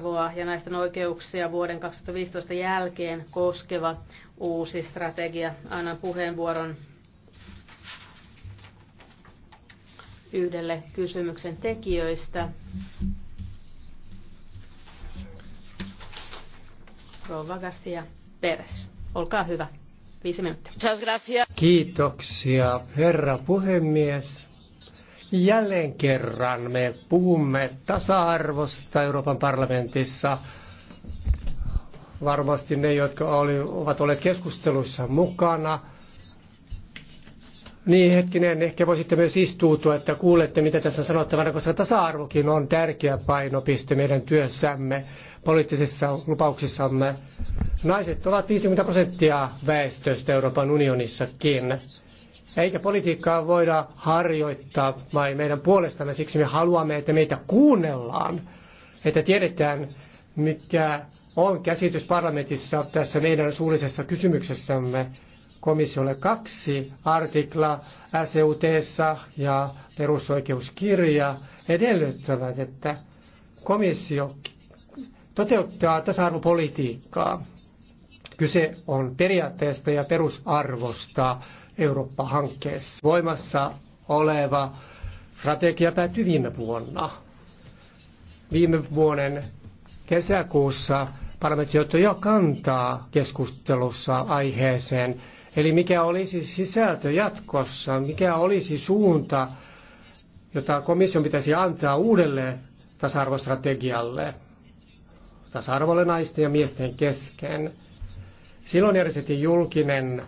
arvoa ja naisten oikeuksia vuoden 2015 jälkeen koskeva uusi strategia. Annan puheenvuoron yhdelle kysymyksen tekijöistä. Rova Garcia Perez, olkaa hyvä. Viisi minuuttia. Kiitoksia, herra puhemies. Jälleen kerran me puhumme tasa-arvosta Euroopan parlamentissa. Varmasti ne, jotka oli, ovat olleet keskusteluissa mukana. Niin hetkinen, ehkä voisitte myös istuutua, että kuulette, mitä tässä sanottavana, koska tasa-arvokin on tärkeä painopiste meidän työssämme, poliittisissa lupauksissamme. Naiset ovat 50 prosenttia väestöstä Euroopan unionissakin. Eikä politiikkaa voida harjoittaa vain meidän puolestamme, siksi me haluamme, että meitä kuunnellaan, että tiedetään, mikä on käsitys parlamentissa tässä meidän suullisessa kysymyksessämme komissiolle kaksi artikla seut ja perusoikeuskirja edellyttävät, että komissio toteuttaa tasa-arvopolitiikkaa. Kyse on periaatteesta ja perusarvosta. Eurooppa-hankkeessa. Voimassa oleva strategia päättyi viime vuonna. Viime vuoden kesäkuussa parlamentti otti jo kantaa keskustelussa aiheeseen. Eli mikä olisi sisältö jatkossa, mikä olisi suunta, jota komission pitäisi antaa uudelle tasa-arvostrategialle, tasa-arvolle naisten ja miesten kesken. Silloin järjestettiin julkinen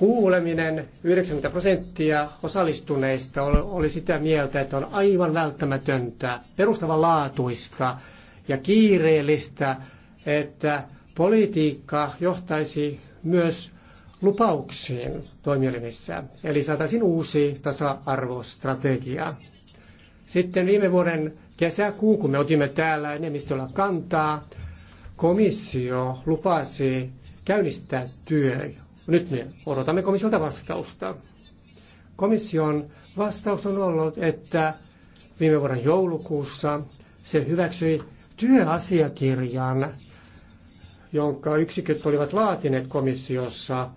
Kuuleminen 90 prosenttia osallistuneista oli sitä mieltä, että on aivan välttämätöntä, perustavanlaatuista ja kiireellistä, että politiikka johtaisi myös lupauksiin toimielimissä, eli saataisiin uusi tasa-arvostrategia. Sitten viime vuoden kesäkuun, kun me otimme täällä enemmistöllä kantaa, komissio lupasi käynnistää työ nyt me odotamme komissiolta vastausta. Komission vastaus on ollut, että viime vuoden joulukuussa se hyväksyi työasiakirjan, jonka yksiköt olivat laatineet komissiossa.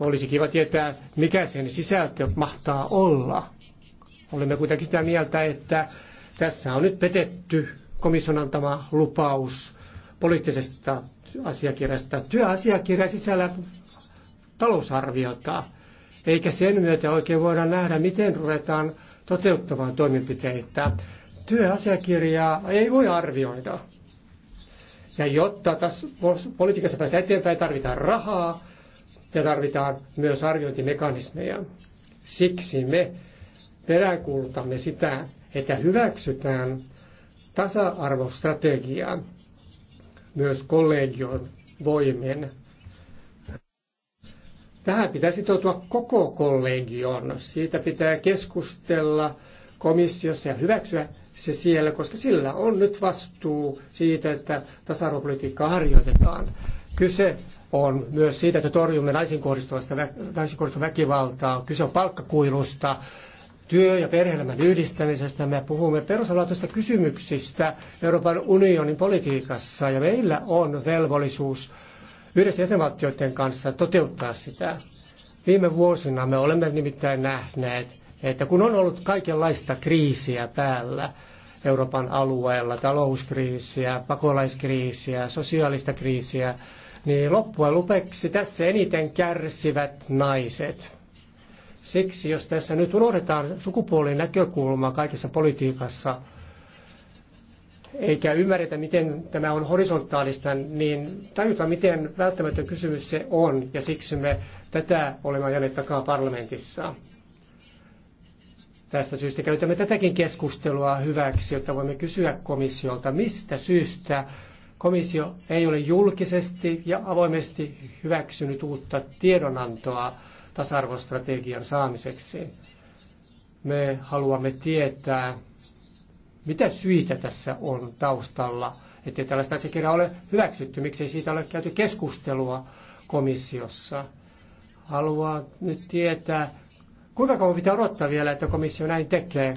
Olisi kiva tietää, mikä sen sisältö mahtaa olla. Olemme kuitenkin sitä mieltä, että tässä on nyt petetty komission antama lupaus poliittisesta asiakirjasta, Työasiakirja sisällä talousarviota, eikä sen myötä oikein voida nähdä, miten ruvetaan toteuttamaan toimenpiteitä. Työasiakirjaa ei voi arvioida. Ja jotta tässä politiikassa päästään eteenpäin, tarvitaan rahaa ja tarvitaan myös arviointimekanismeja. Siksi me peräänkuulutamme sitä, että hyväksytään tasa-arvostrategiaa myös kollegion voimin. Tähän pitää sitoutua koko kollegion. Siitä pitää keskustella komissiossa ja hyväksyä se siellä, koska sillä on nyt vastuu siitä, että tasa-arvopolitiikkaa harjoitetaan. Kyse on myös siitä, että torjumme naisiin kohdistuvasta naisiin kohdistuvaa väkivaltaa. Kyse on palkkakuilusta, työ- ja perheelämän yhdistämisestä. Me puhumme perustavanlaatuisista kysymyksistä Euroopan unionin politiikassa ja meillä on velvollisuus yhdessä jäsenvaltioiden kanssa toteuttaa sitä. Viime vuosina me olemme nimittäin nähneet, että kun on ollut kaikenlaista kriisiä päällä, Euroopan alueella, talouskriisiä, pakolaiskriisiä, sosiaalista kriisiä, niin loppujen lopuksi tässä eniten kärsivät naiset. Siksi, jos tässä nyt unohdetaan sukupuolen näkökulma kaikessa politiikassa, eikä ymmärretä, miten tämä on horisontaalista, niin tajuta, miten välttämätön kysymys se on, ja siksi me tätä olemme ajaneet takaa parlamentissa. Tästä syystä käytämme tätäkin keskustelua hyväksi, jotta voimme kysyä komissiolta, mistä syystä komissio ei ole julkisesti ja avoimesti hyväksynyt uutta tiedonantoa tasa-arvostrategian saamiseksi. Me haluamme tietää, mitä syitä tässä on taustalla, ettei tällaista asiakirjaa ole hyväksytty, miksei siitä ole käyty keskustelua komissiossa. Haluan nyt tietää, kuinka kauan pitää odottaa vielä, että komissio näin tekee,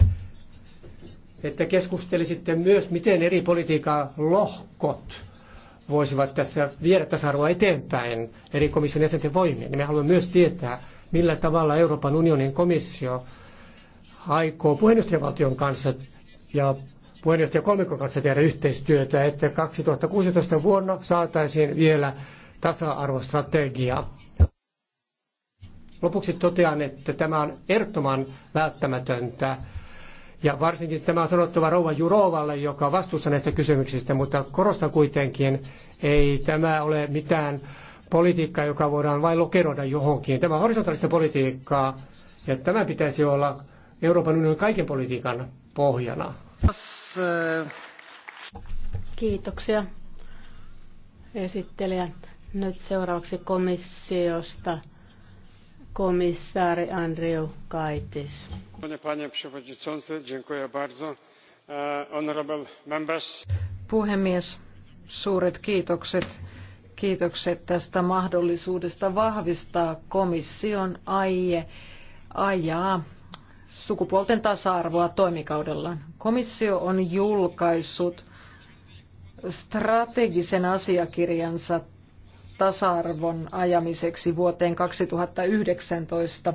että keskustelisitte myös, miten eri politiikan lohkot voisivat tässä viedä tasa-arvoa eteenpäin eri komission jäsenten voimia. Niin me haluamme myös tietää, millä tavalla Euroopan unionin komissio aikoo puheenjohtajavaltion kanssa ja puheenjohtaja kolmikon kanssa tehdä yhteistyötä, että 2016 vuonna saataisiin vielä tasa-arvostrategia. Lopuksi totean, että tämä on ehdottoman välttämätöntä. Ja varsinkin tämä on sanottava rouva Jurovalle, joka on vastuussa näistä kysymyksistä, mutta korostan kuitenkin, ei tämä ole mitään politiikkaa, joka voidaan vain lokeroida johonkin. Tämä on horisontaalista politiikkaa ja tämä pitäisi olla Euroopan unionin kaiken politiikan pohjana. Kiitoksia esittelijä. Nyt seuraavaksi komissiosta komissaari Andriu Kaitis. E, Puhemies, suuret kiitokset Kiitokset tästä mahdollisuudesta vahvistaa komission aie ajaa sukupuolten tasa-arvoa toimikaudella. Komissio on julkaissut strategisen asiakirjansa tasa-arvon ajamiseksi vuoteen 2019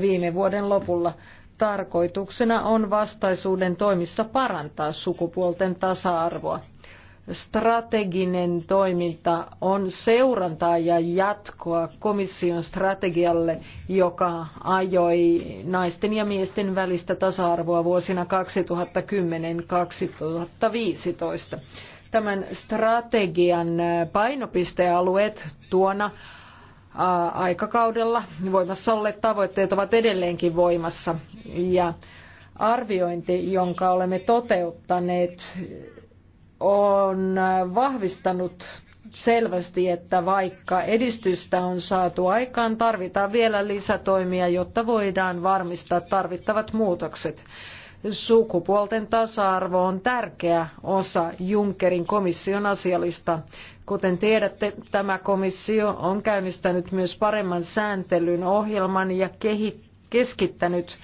viime vuoden lopulla. Tarkoituksena on vastaisuuden toimissa parantaa sukupuolten tasa-arvoa strateginen toiminta on seurantaa ja jatkoa komission strategialle, joka ajoi naisten ja miesten välistä tasa-arvoa vuosina 2010-2015. Tämän strategian painopistealueet tuona aikakaudella voimassa olleet tavoitteet ovat edelleenkin voimassa ja arviointi, jonka olemme toteuttaneet on vahvistanut selvästi, että vaikka edistystä on saatu aikaan, tarvitaan vielä lisätoimia, jotta voidaan varmistaa tarvittavat muutokset. Sukupuolten tasa-arvo on tärkeä osa Junckerin komission asialista. Kuten tiedätte, tämä komissio on käynnistänyt myös paremman sääntelyn ohjelman ja kehittänyt keskittänyt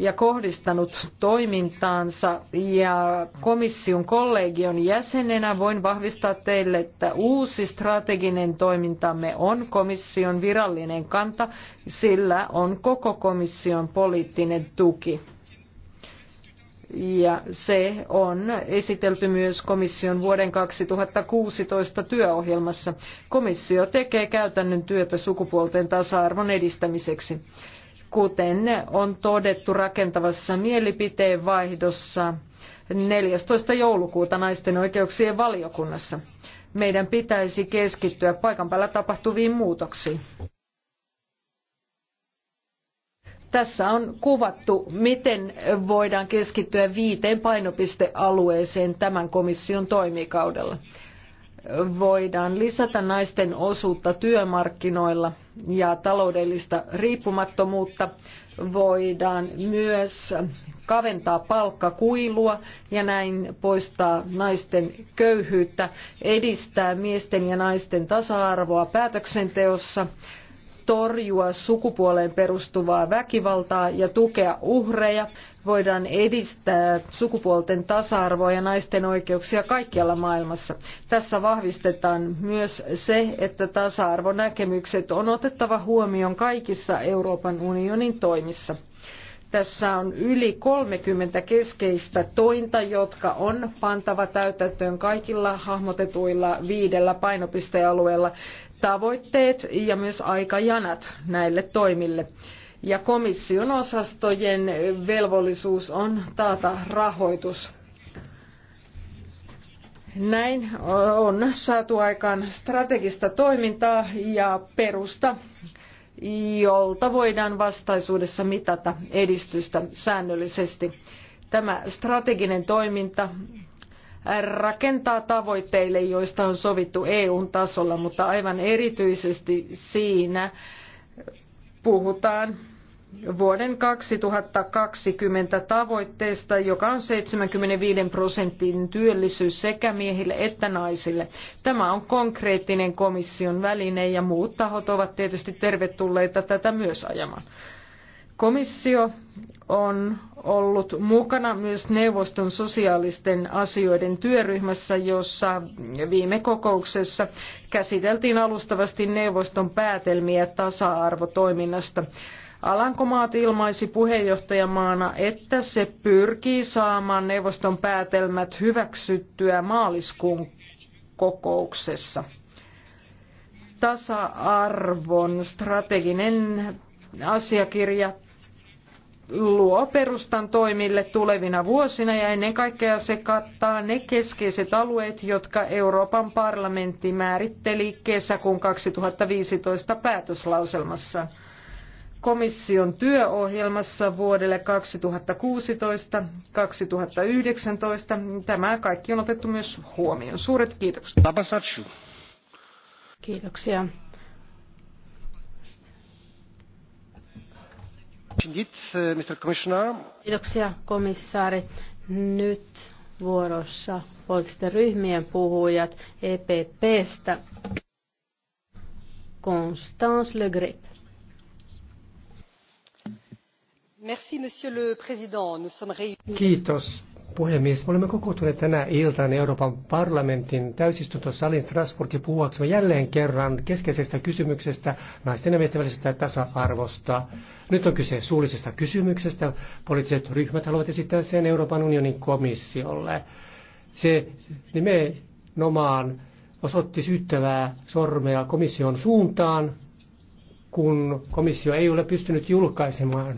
ja kohdistanut toimintaansa ja komission kollegion jäsenenä voin vahvistaa teille, että uusi strateginen toimintamme on komission virallinen kanta, sillä on koko komission poliittinen tuki ja se on esitelty myös komission vuoden 2016 työohjelmassa. Komissio tekee käytännön työtä sukupuolten tasa-arvon edistämiseksi kuten on todettu rakentavassa mielipiteen vaihdossa 14. joulukuuta naisten oikeuksien valiokunnassa. Meidän pitäisi keskittyä paikan päällä tapahtuviin muutoksiin. Tässä on kuvattu, miten voidaan keskittyä viiteen painopistealueeseen tämän komission toimikaudella voidaan lisätä naisten osuutta työmarkkinoilla ja taloudellista riippumattomuutta. Voidaan myös kaventaa palkkakuilua ja näin poistaa naisten köyhyyttä, edistää miesten ja naisten tasa-arvoa päätöksenteossa, torjua sukupuoleen perustuvaa väkivaltaa ja tukea uhreja voidaan edistää sukupuolten tasa-arvoa ja naisten oikeuksia kaikkialla maailmassa. Tässä vahvistetaan myös se, että tasa-arvonäkemykset on otettava huomioon kaikissa Euroopan unionin toimissa. Tässä on yli 30 keskeistä tointa, jotka on pantava täytäntöön kaikilla hahmotetuilla viidellä painopistealueella tavoitteet ja myös aikajanat näille toimille ja komission osastojen velvollisuus on taata rahoitus. Näin on saatu aikaan strategista toimintaa ja perusta, jolta voidaan vastaisuudessa mitata edistystä säännöllisesti. Tämä strateginen toiminta rakentaa tavoitteille, joista on sovittu eu tasolla, mutta aivan erityisesti siinä puhutaan vuoden 2020 tavoitteesta, joka on 75 prosentin työllisyys sekä miehille että naisille. Tämä on konkreettinen komission väline ja muut tahot ovat tietysti tervetulleita tätä myös ajamaan. Komissio on ollut mukana myös neuvoston sosiaalisten asioiden työryhmässä, jossa viime kokouksessa käsiteltiin alustavasti neuvoston päätelmiä tasa-arvotoiminnasta. Alankomaat ilmaisi puheenjohtajamaana, että se pyrkii saamaan neuvoston päätelmät hyväksyttyä maaliskuun kokouksessa. Tasa-arvon strateginen asiakirja luo perustan toimille tulevina vuosina ja ennen kaikkea se kattaa ne keskeiset alueet, jotka Euroopan parlamentti määritteli kesäkuun 2015 päätöslauselmassa komission työohjelmassa vuodelle 2016-2019. Tämä kaikki on otettu myös huomioon. Suuret kiitokset. Kiitoksia. Uh, Kiitoksia komissaari. Nyt vuorossa poliittisten ryhmien puhujat EPPstä. Constance Le Grip. Kiitos puhemies. olemme kokoontuneet tänä iltana Euroopan parlamentin täysistuntosalin Strasbourgin puhuaksemme jälleen kerran keskeisestä kysymyksestä naisten ja miesten välisestä tasa-arvosta. Nyt on kyse suullisesta kysymyksestä. Poliittiset ryhmät haluavat esittää sen Euroopan unionin komissiolle. Se nimenomaan osoitti syyttävää sormea komission suuntaan, kun komissio ei ole pystynyt julkaisemaan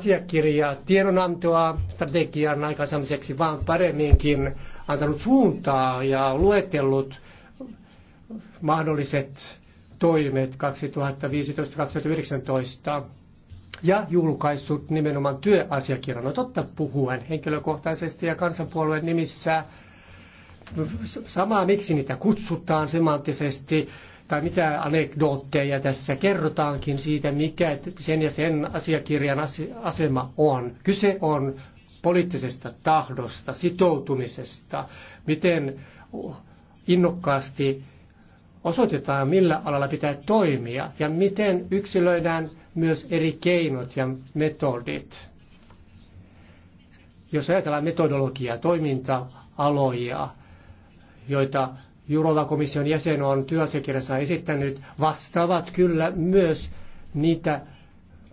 asiakirjaa, tiedonantoa strategian aikaansaamiseksi, vaan paremminkin antanut suuntaa ja luetellut mahdolliset toimet 2015-2019 ja julkaissut nimenomaan työasiakirjan. No totta puhuen henkilökohtaisesti ja kansanpuolueen nimissä samaa, miksi niitä kutsutaan semanttisesti tai mitä anekdootteja tässä kerrotaankin siitä, mikä sen ja sen asiakirjan asema on. Kyse on poliittisesta tahdosta, sitoutumisesta, miten innokkaasti osoitetaan, millä alalla pitää toimia ja miten yksilöidään myös eri keinot ja metodit. Jos ajatellaan metodologiaa, toiminta-aloja, joita Jurovan komission jäsen on työasiakirjassa esittänyt, vastaavat kyllä myös niitä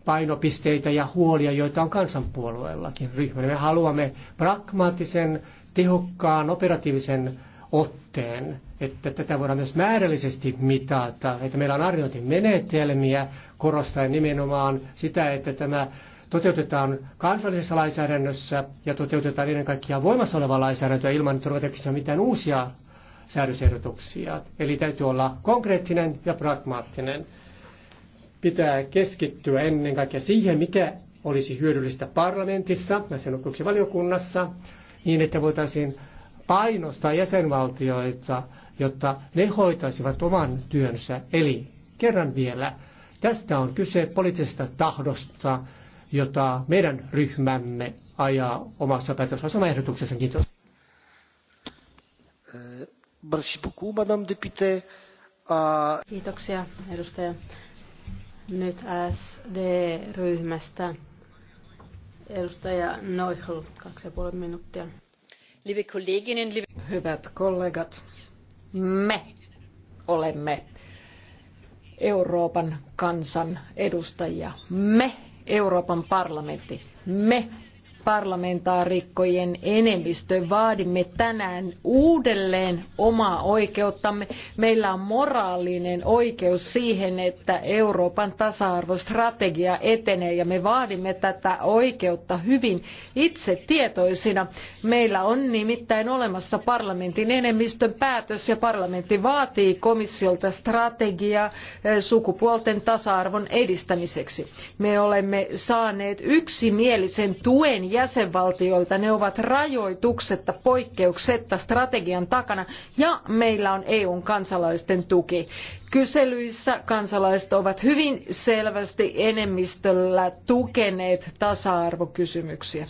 painopisteitä ja huolia, joita on kansanpuolueellakin ryhmänä. Me haluamme pragmaattisen, tehokkaan, operatiivisen otteen, että tätä voidaan myös määrällisesti mitata, että meillä on arviointimenetelmiä korostaen nimenomaan sitä, että tämä toteutetaan kansallisessa lainsäädännössä ja toteutetaan ennen kaikkea voimassa olevaa lainsäädäntöä ilman, että mitään uusia säädösehdotuksia. Eli täytyy olla konkreettinen ja pragmaattinen. Pitää keskittyä ennen kaikkea siihen, mikä olisi hyödyllistä parlamentissa ja sen valiokunnassa, niin että voitaisiin painostaa jäsenvaltioita, jotta ne hoitaisivat oman työnsä. Eli kerran vielä, tästä on kyse poliittisesta tahdosta, jota meidän ryhmämme ajaa omassa päätösasemaehdotuksessa. Kiitos. Äh, Ah, Kiitoksia, edustaja. Nyt SD-ryhmästä edustaja Neuchel, kaksi ja puoli minuuttia. Hyvät kollegat, me olemme Euroopan kansan edustajia. Me, Euroopan parlamentti, me parlamentaarikkojen enemmistö vaadimme tänään uudelleen omaa oikeuttamme. Meillä on moraalinen oikeus siihen, että Euroopan tasa-arvostrategia etenee ja me vaadimme tätä oikeutta hyvin itsetietoisina. Meillä on nimittäin olemassa parlamentin enemmistön päätös ja parlamentti vaatii komissiolta strategiaa eh, sukupuolten tasa-arvon edistämiseksi. Me olemme saaneet yksimielisen tuen jäsenvaltioilta. Ne ovat rajoituksetta poikkeuksetta strategian takana ja meillä on EUn kansalaisten tuki. Kyselyissä kansalaiset ovat hyvin selvästi enemmistöllä tukeneet tasa-arvokysymyksiä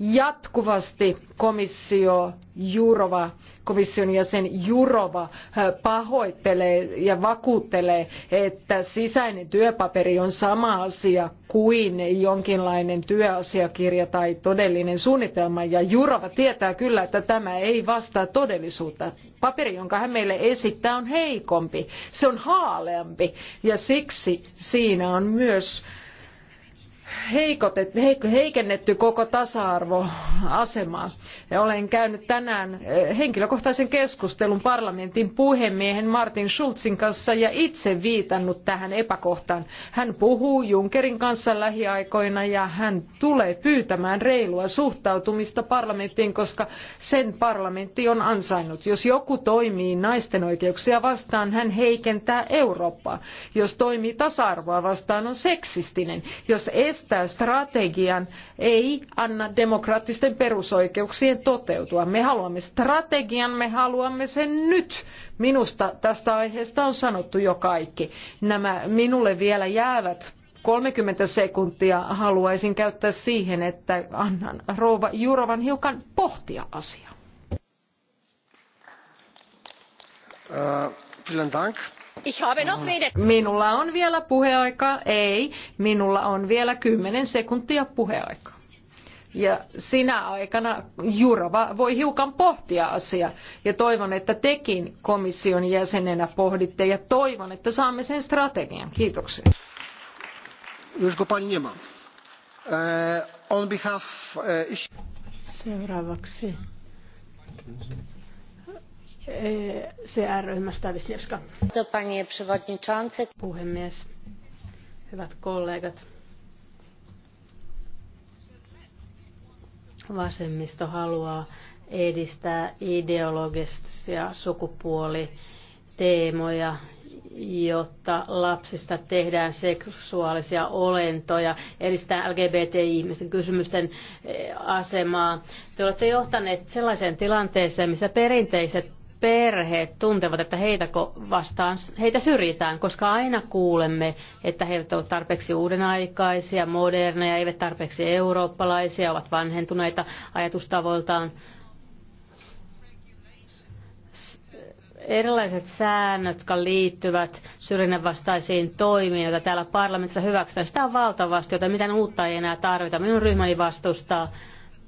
jatkuvasti komissio Jurova, komission jäsen Jurova eh, pahoittelee ja vakuuttelee, että sisäinen työpaperi on sama asia kuin jonkinlainen työasiakirja tai todellinen suunnitelma. Ja Jurova tietää kyllä, että tämä ei vastaa todellisuutta. Paperi, jonka hän meille esittää, on heikompi. Se on haaleampi ja siksi siinä on myös heikennetty koko tasa-arvoasemaa. Olen käynyt tänään eh, henkilökohtaisen keskustelun parlamentin puhemiehen Martin Schulzin kanssa ja itse viitannut tähän epäkohtaan. Hän puhuu Junckerin kanssa lähiaikoina ja hän tulee pyytämään reilua suhtautumista parlamenttiin, koska sen parlamentti on ansainnut. Jos joku toimii naisten oikeuksia vastaan, hän heikentää Eurooppaa. Jos toimii tasa-arvoa vastaan, on seksistinen. Jos est estää strategian ei anna demokraattisten perusoikeuksien toteutua. Me haluamme strategian, me haluamme sen nyt. Minusta tästä aiheesta on sanottu jo kaikki. Nämä minulle vielä jäävät 30 sekuntia haluaisin käyttää siihen, että annan rouva Jurovan hiukan pohtia asiaa. Uh, Minulla on vielä puheaikaa. Ei, minulla on vielä kymmenen sekuntia puheaikaa. Ja sinä aikana Jurova voi hiukan pohtia asiaa ja toivon, että tekin komission jäsenenä pohditte ja toivon, että saamme sen strategian. Kiitoksia. E, e, Seuraavaksi arvoisa eh, Puhemies, hyvät kollegat. Vasemmisto haluaa edistää ideologisia sukupuoliteemoja, jotta lapsista tehdään seksuaalisia olentoja, edistää LGBT-ihmisten kysymysten eh, asemaa. Te olette johtaneet sellaiseen tilanteeseen, missä perinteiset perheet tuntevat, että heitä vastaan, heitä syrjitään, koska aina kuulemme, että he eivät ole tarpeeksi uudenaikaisia, moderneja, eivät tarpeeksi eurooppalaisia, ovat vanhentuneita ajatustavoiltaan. Erilaiset säännöt, jotka liittyvät syrjinnän vastaisiin toimiin, joita täällä parlamentissa hyväksytään, sitä on valtavasti, joten mitään uutta ei enää tarvita. Minun ryhmäni vastustaa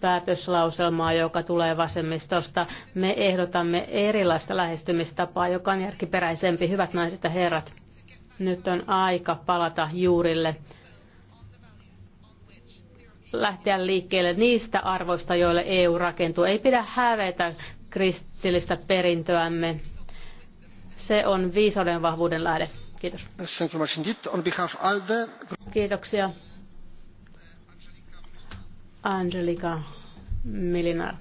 päätöslauselmaa, joka tulee vasemmistosta. Me ehdotamme erilaista lähestymistapaa, joka on järkiperäisempi. Hyvät naiset ja herrat, nyt on aika palata juurille lähteä liikkeelle niistä arvoista, joille EU rakentuu. Ei pidä hävetä kristillistä perintöämme. Se on viisauden vahvuuden lähde. Kiitos. Kiitoksia. Angelika Milinar.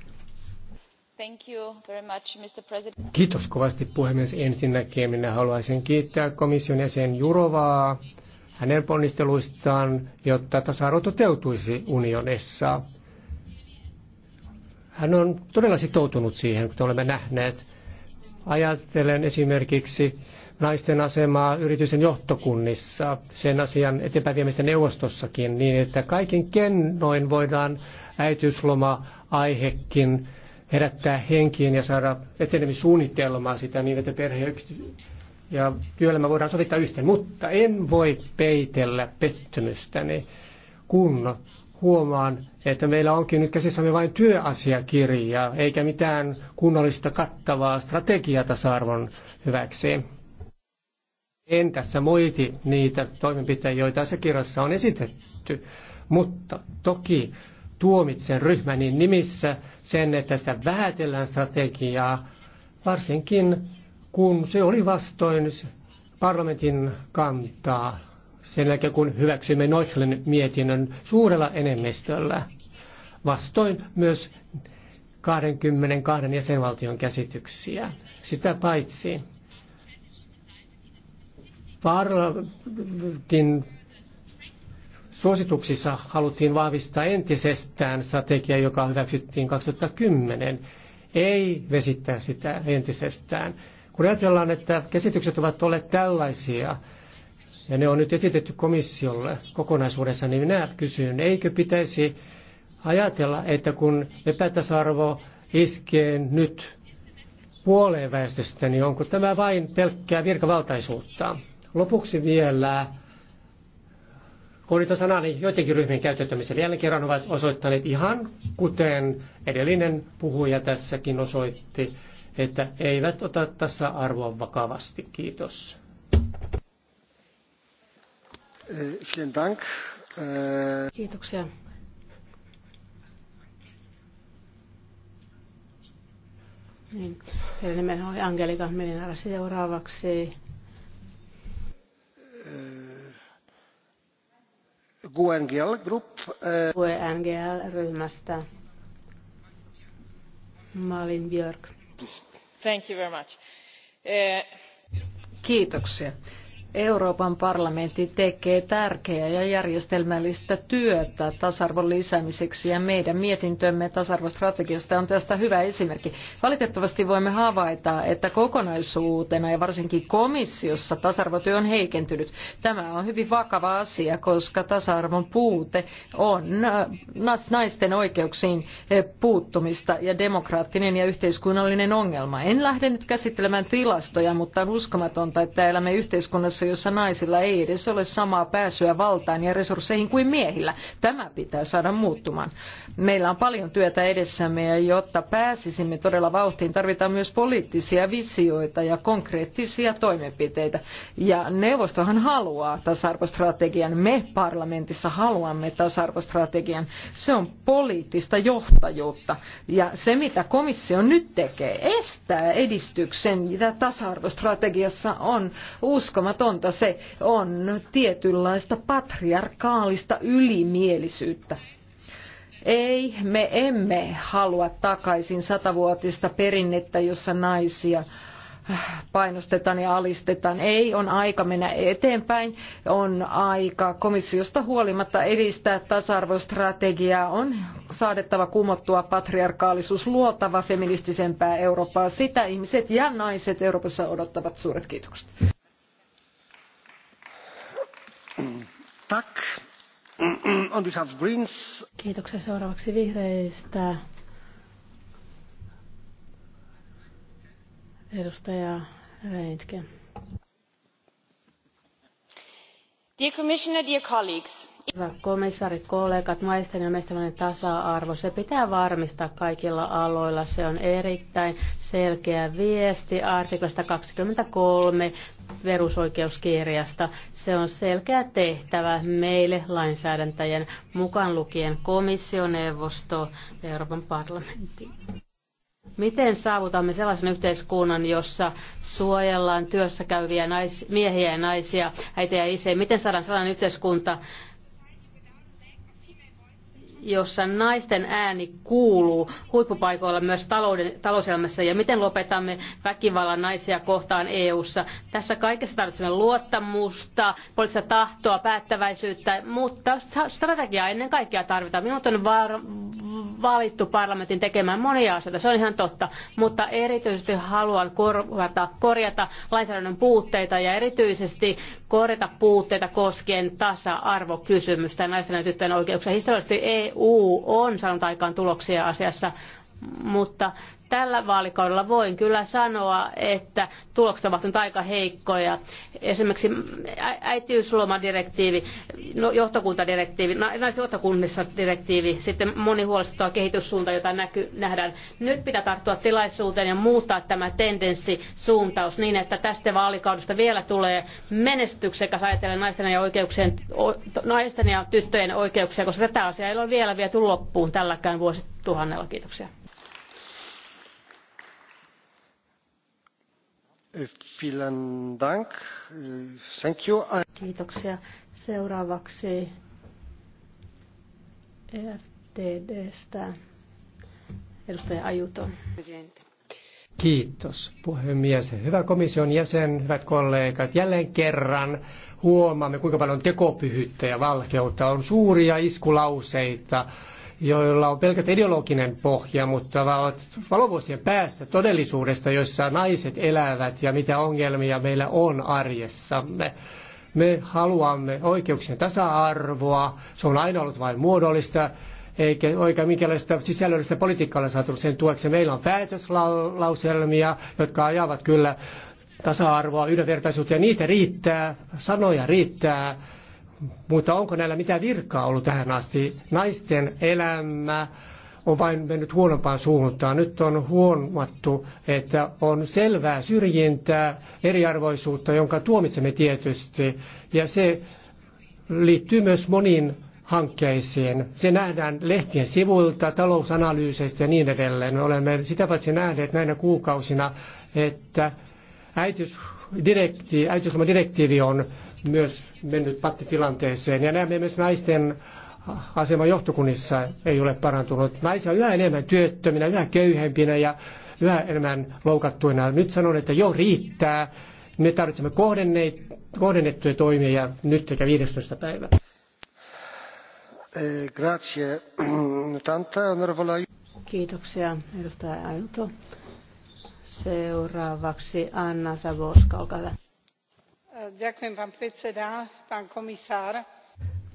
Thank you very much, Mr. President. Kiitos kovasti puhemies. Ensinnäkin minä haluaisin kiittää komission jäsen Jurovaa hänen ponnisteluistaan, jotta tasa-arvo toteutuisi unionissa. Hän on todella sitoutunut siihen, kuten olemme nähneet. Ajattelen esimerkiksi naisten asemaa yritysten johtokunnissa, sen asian eteenpäinviemistä neuvostossakin, niin että kaikin kennoin voidaan äitiysloma-aihekin herättää henkiin ja saada etenemissuunnitelmaa sitä niin, että perhe ja työelämä voidaan sovittaa yhteen. Mutta en voi peitellä pettymystäni, kun huomaan, että meillä onkin nyt käsissämme vain työasiakirja, eikä mitään kunnollista kattavaa strategiaa tasa-arvon hyväksi. En tässä moiti niitä toimenpiteitä, joita kirjassa on esitetty, mutta toki tuomitsen ryhmäni nimissä sen, että sitä vähätellään strategiaa, varsinkin kun se oli vastoin parlamentin kantaa sen jälkeen, kun hyväksymme Noichlen mietinnön suurella enemmistöllä, vastoin myös 22 jäsenvaltion käsityksiä. Sitä paitsi Parlamentin suosituksissa haluttiin vahvistaa entisestään strategia, joka hyväksyttiin 2010, ei vesittää sitä entisestään. Kun ajatellaan, että käsitykset ovat olleet tällaisia, ja ne on nyt esitetty komissiolle kokonaisuudessa, niin minä kysyn, eikö pitäisi ajatella, että kun epätasa-arvo iskee nyt puoleen väestöstä, niin onko tämä vain pelkkää virkavaltaisuutta? Lopuksi vielä Kohdita sanani joidenkin ryhmien käyttäytymiselle jälleen kerran ovat osoittaneet ihan kuten edellinen puhuja tässäkin osoitti, että eivät ota tässä arvoa vakavasti. Kiitos. Äh, Kiitoksia. Niin, meillä oli Angelika Melinara seuraavaksi. GUNGL Group. Eh, GUNGL ryhmästä. Malin Björk. Thank you very much. Eh, Kiitoksia. Euroopan parlamentti tekee tärkeää ja järjestelmällistä työtä tasa-arvon lisäämiseksi ja meidän mietintömme tasa-arvostrategiasta on tästä hyvä esimerkki. Valitettavasti voimme havaita, että kokonaisuutena ja varsinkin komissiossa tasa-arvotyö on heikentynyt. Tämä on hyvin vakava asia, koska tasa-arvon puute on äh, naisten oikeuksiin äh, puuttumista ja demokraattinen ja yhteiskunnallinen ongelma. En lähde nyt käsittelemään tilastoja, mutta on uskomatonta, että elämme yhteiskunnassa maailmassa, jossa naisilla ei edes ole samaa pääsyä valtaan ja resursseihin kuin miehillä. Tämä pitää saada muuttumaan. Meillä on paljon työtä edessämme ja jotta pääsisimme todella vauhtiin, tarvitaan myös poliittisia visioita ja konkreettisia toimenpiteitä. Ja neuvostohan haluaa tasa-arvostrategian. Me parlamentissa haluamme tasa-arvostrategian. Se on poliittista johtajuutta. Ja se, mitä komissio nyt tekee, estää edistyksen, mitä tasa-arvostrategiassa on uskomaton mahdotonta. Se on tietynlaista patriarkaalista ylimielisyyttä. Ei, me emme halua takaisin satavuotista perinnettä, jossa naisia painostetaan ja alistetaan. Ei, on aika mennä eteenpäin, on aika komissiosta huolimatta edistää tasa-arvostrategiaa, on saadettava kumottua patriarkaalisuus, luotava feministisempää Eurooppaa. Sitä ihmiset ja naiset Euroopassa odottavat. Suuret kiitokset. Tak. Mm, mm, on behalf Greens. Kiitoksia seuraavaksi vihreistä. Edustaja Reintke. Dear Commissioner, dear colleagues. Hyvä komissaari, kollegat, naisten ja miesten tasa-arvo, se pitää varmistaa kaikilla aloilla. Se on erittäin selkeä viesti artiklasta 23 perusoikeuskirjasta. Se on selkeä tehtävä meille lainsäädäntäjien mukaan lukien komissioneuvosto ja Euroopan parlamentti. Miten saavutamme sellaisen yhteiskunnan, jossa suojellaan työssä käyviä nais, miehiä ja naisia, äitiä ja isejä? Miten saadaan sellainen yhteiskunta, jossa naisten ääni kuuluu huippupaikoilla myös talouden, talouselämässä ja miten lopetamme väkivallan naisia kohtaan EU:ssa. Tässä kaikessa tarvitsemme luottamusta, poliittista tahtoa, päättäväisyyttä, mutta strategiaa ennen kaikkea tarvitaan. Minut on var- valittu parlamentin tekemään monia asioita, se on ihan totta, mutta erityisesti haluan korvata, korjata lainsäädännön puutteita ja erityisesti korjata puutteita koskien tasa-arvokysymystä ja naisten ja tyttöjen oikeuksia. Historiallisesti EU on saanut aikaan tuloksia asiassa, mutta Tällä vaalikaudella voin kyllä sanoa, että tulokset ovat nyt aika heikkoja. Esimerkiksi äitiyslomadirektiivi, no, johtokuntadirektiivi, naisten johtokunnissa direktiivi, sitten moni huolestuttava kehityssuunta, jota näky, nähdään. Nyt pitää tarttua tilaisuuteen ja muuttaa tämä tendenssi suuntaus niin, että tästä vaalikaudesta vielä tulee menestyksekäs ajatellen naisten ja, oikeuksien, naisten ja tyttöjen oikeuksia, koska tätä asiaa ei ole vielä viety loppuun tälläkään vuosituhannella. Kiitoksia. Kiitoksia. Seuraavaksi EFTDstä edustaja ajuton. Kiitos puhemies. Hyvä komission jäsen, hyvät kollegat. Jälleen kerran huomaamme, kuinka paljon tekopyhyyttä ja valkeutta on suuria iskulauseita joilla on pelkästään ideologinen pohja, mutta ovat valovuosien päässä todellisuudesta, jossa naiset elävät ja mitä ongelmia meillä on arjessamme. Me haluamme oikeuksien tasa-arvoa, se on aina ollut vain muodollista, eikä oikein minkäänlaista sisällöllistä politiikkaa ole saatu sen tueksi. Meillä on päätöslauselmia, jotka ajavat kyllä tasa-arvoa, yhdenvertaisuutta, ja niitä riittää, sanoja riittää, mutta onko näillä mitä virkaa ollut tähän asti? Naisten elämä on vain mennyt huonompaan suuntaan. Nyt on huomattu, että on selvää syrjintää, eriarvoisuutta, jonka tuomitsemme tietysti. Ja se liittyy myös moniin hankkeisiin. Se nähdään lehtien sivuilta, talousanalyyseistä ja niin edelleen. Me olemme sitä paitsi nähneet näinä kuukausina, että äitiys direktiivi, äitiyslomadirektiivi on myös mennyt pattitilanteeseen. Ja näemme myös naisten asema johtokunnissa ei ole parantunut. Naisia on yhä enemmän työttöminä, yhä köyhempinä ja yhä enemmän loukattuina. Nyt sanon, että jo riittää. Me tarvitsemme kohdennettuja toimia ja nyt eikä 15. päivä. Eh, grazie. Tanta, Kiitoksia, edustaja Ajuto. Seuraavaksi Anna Savoska, olkaa hyvä.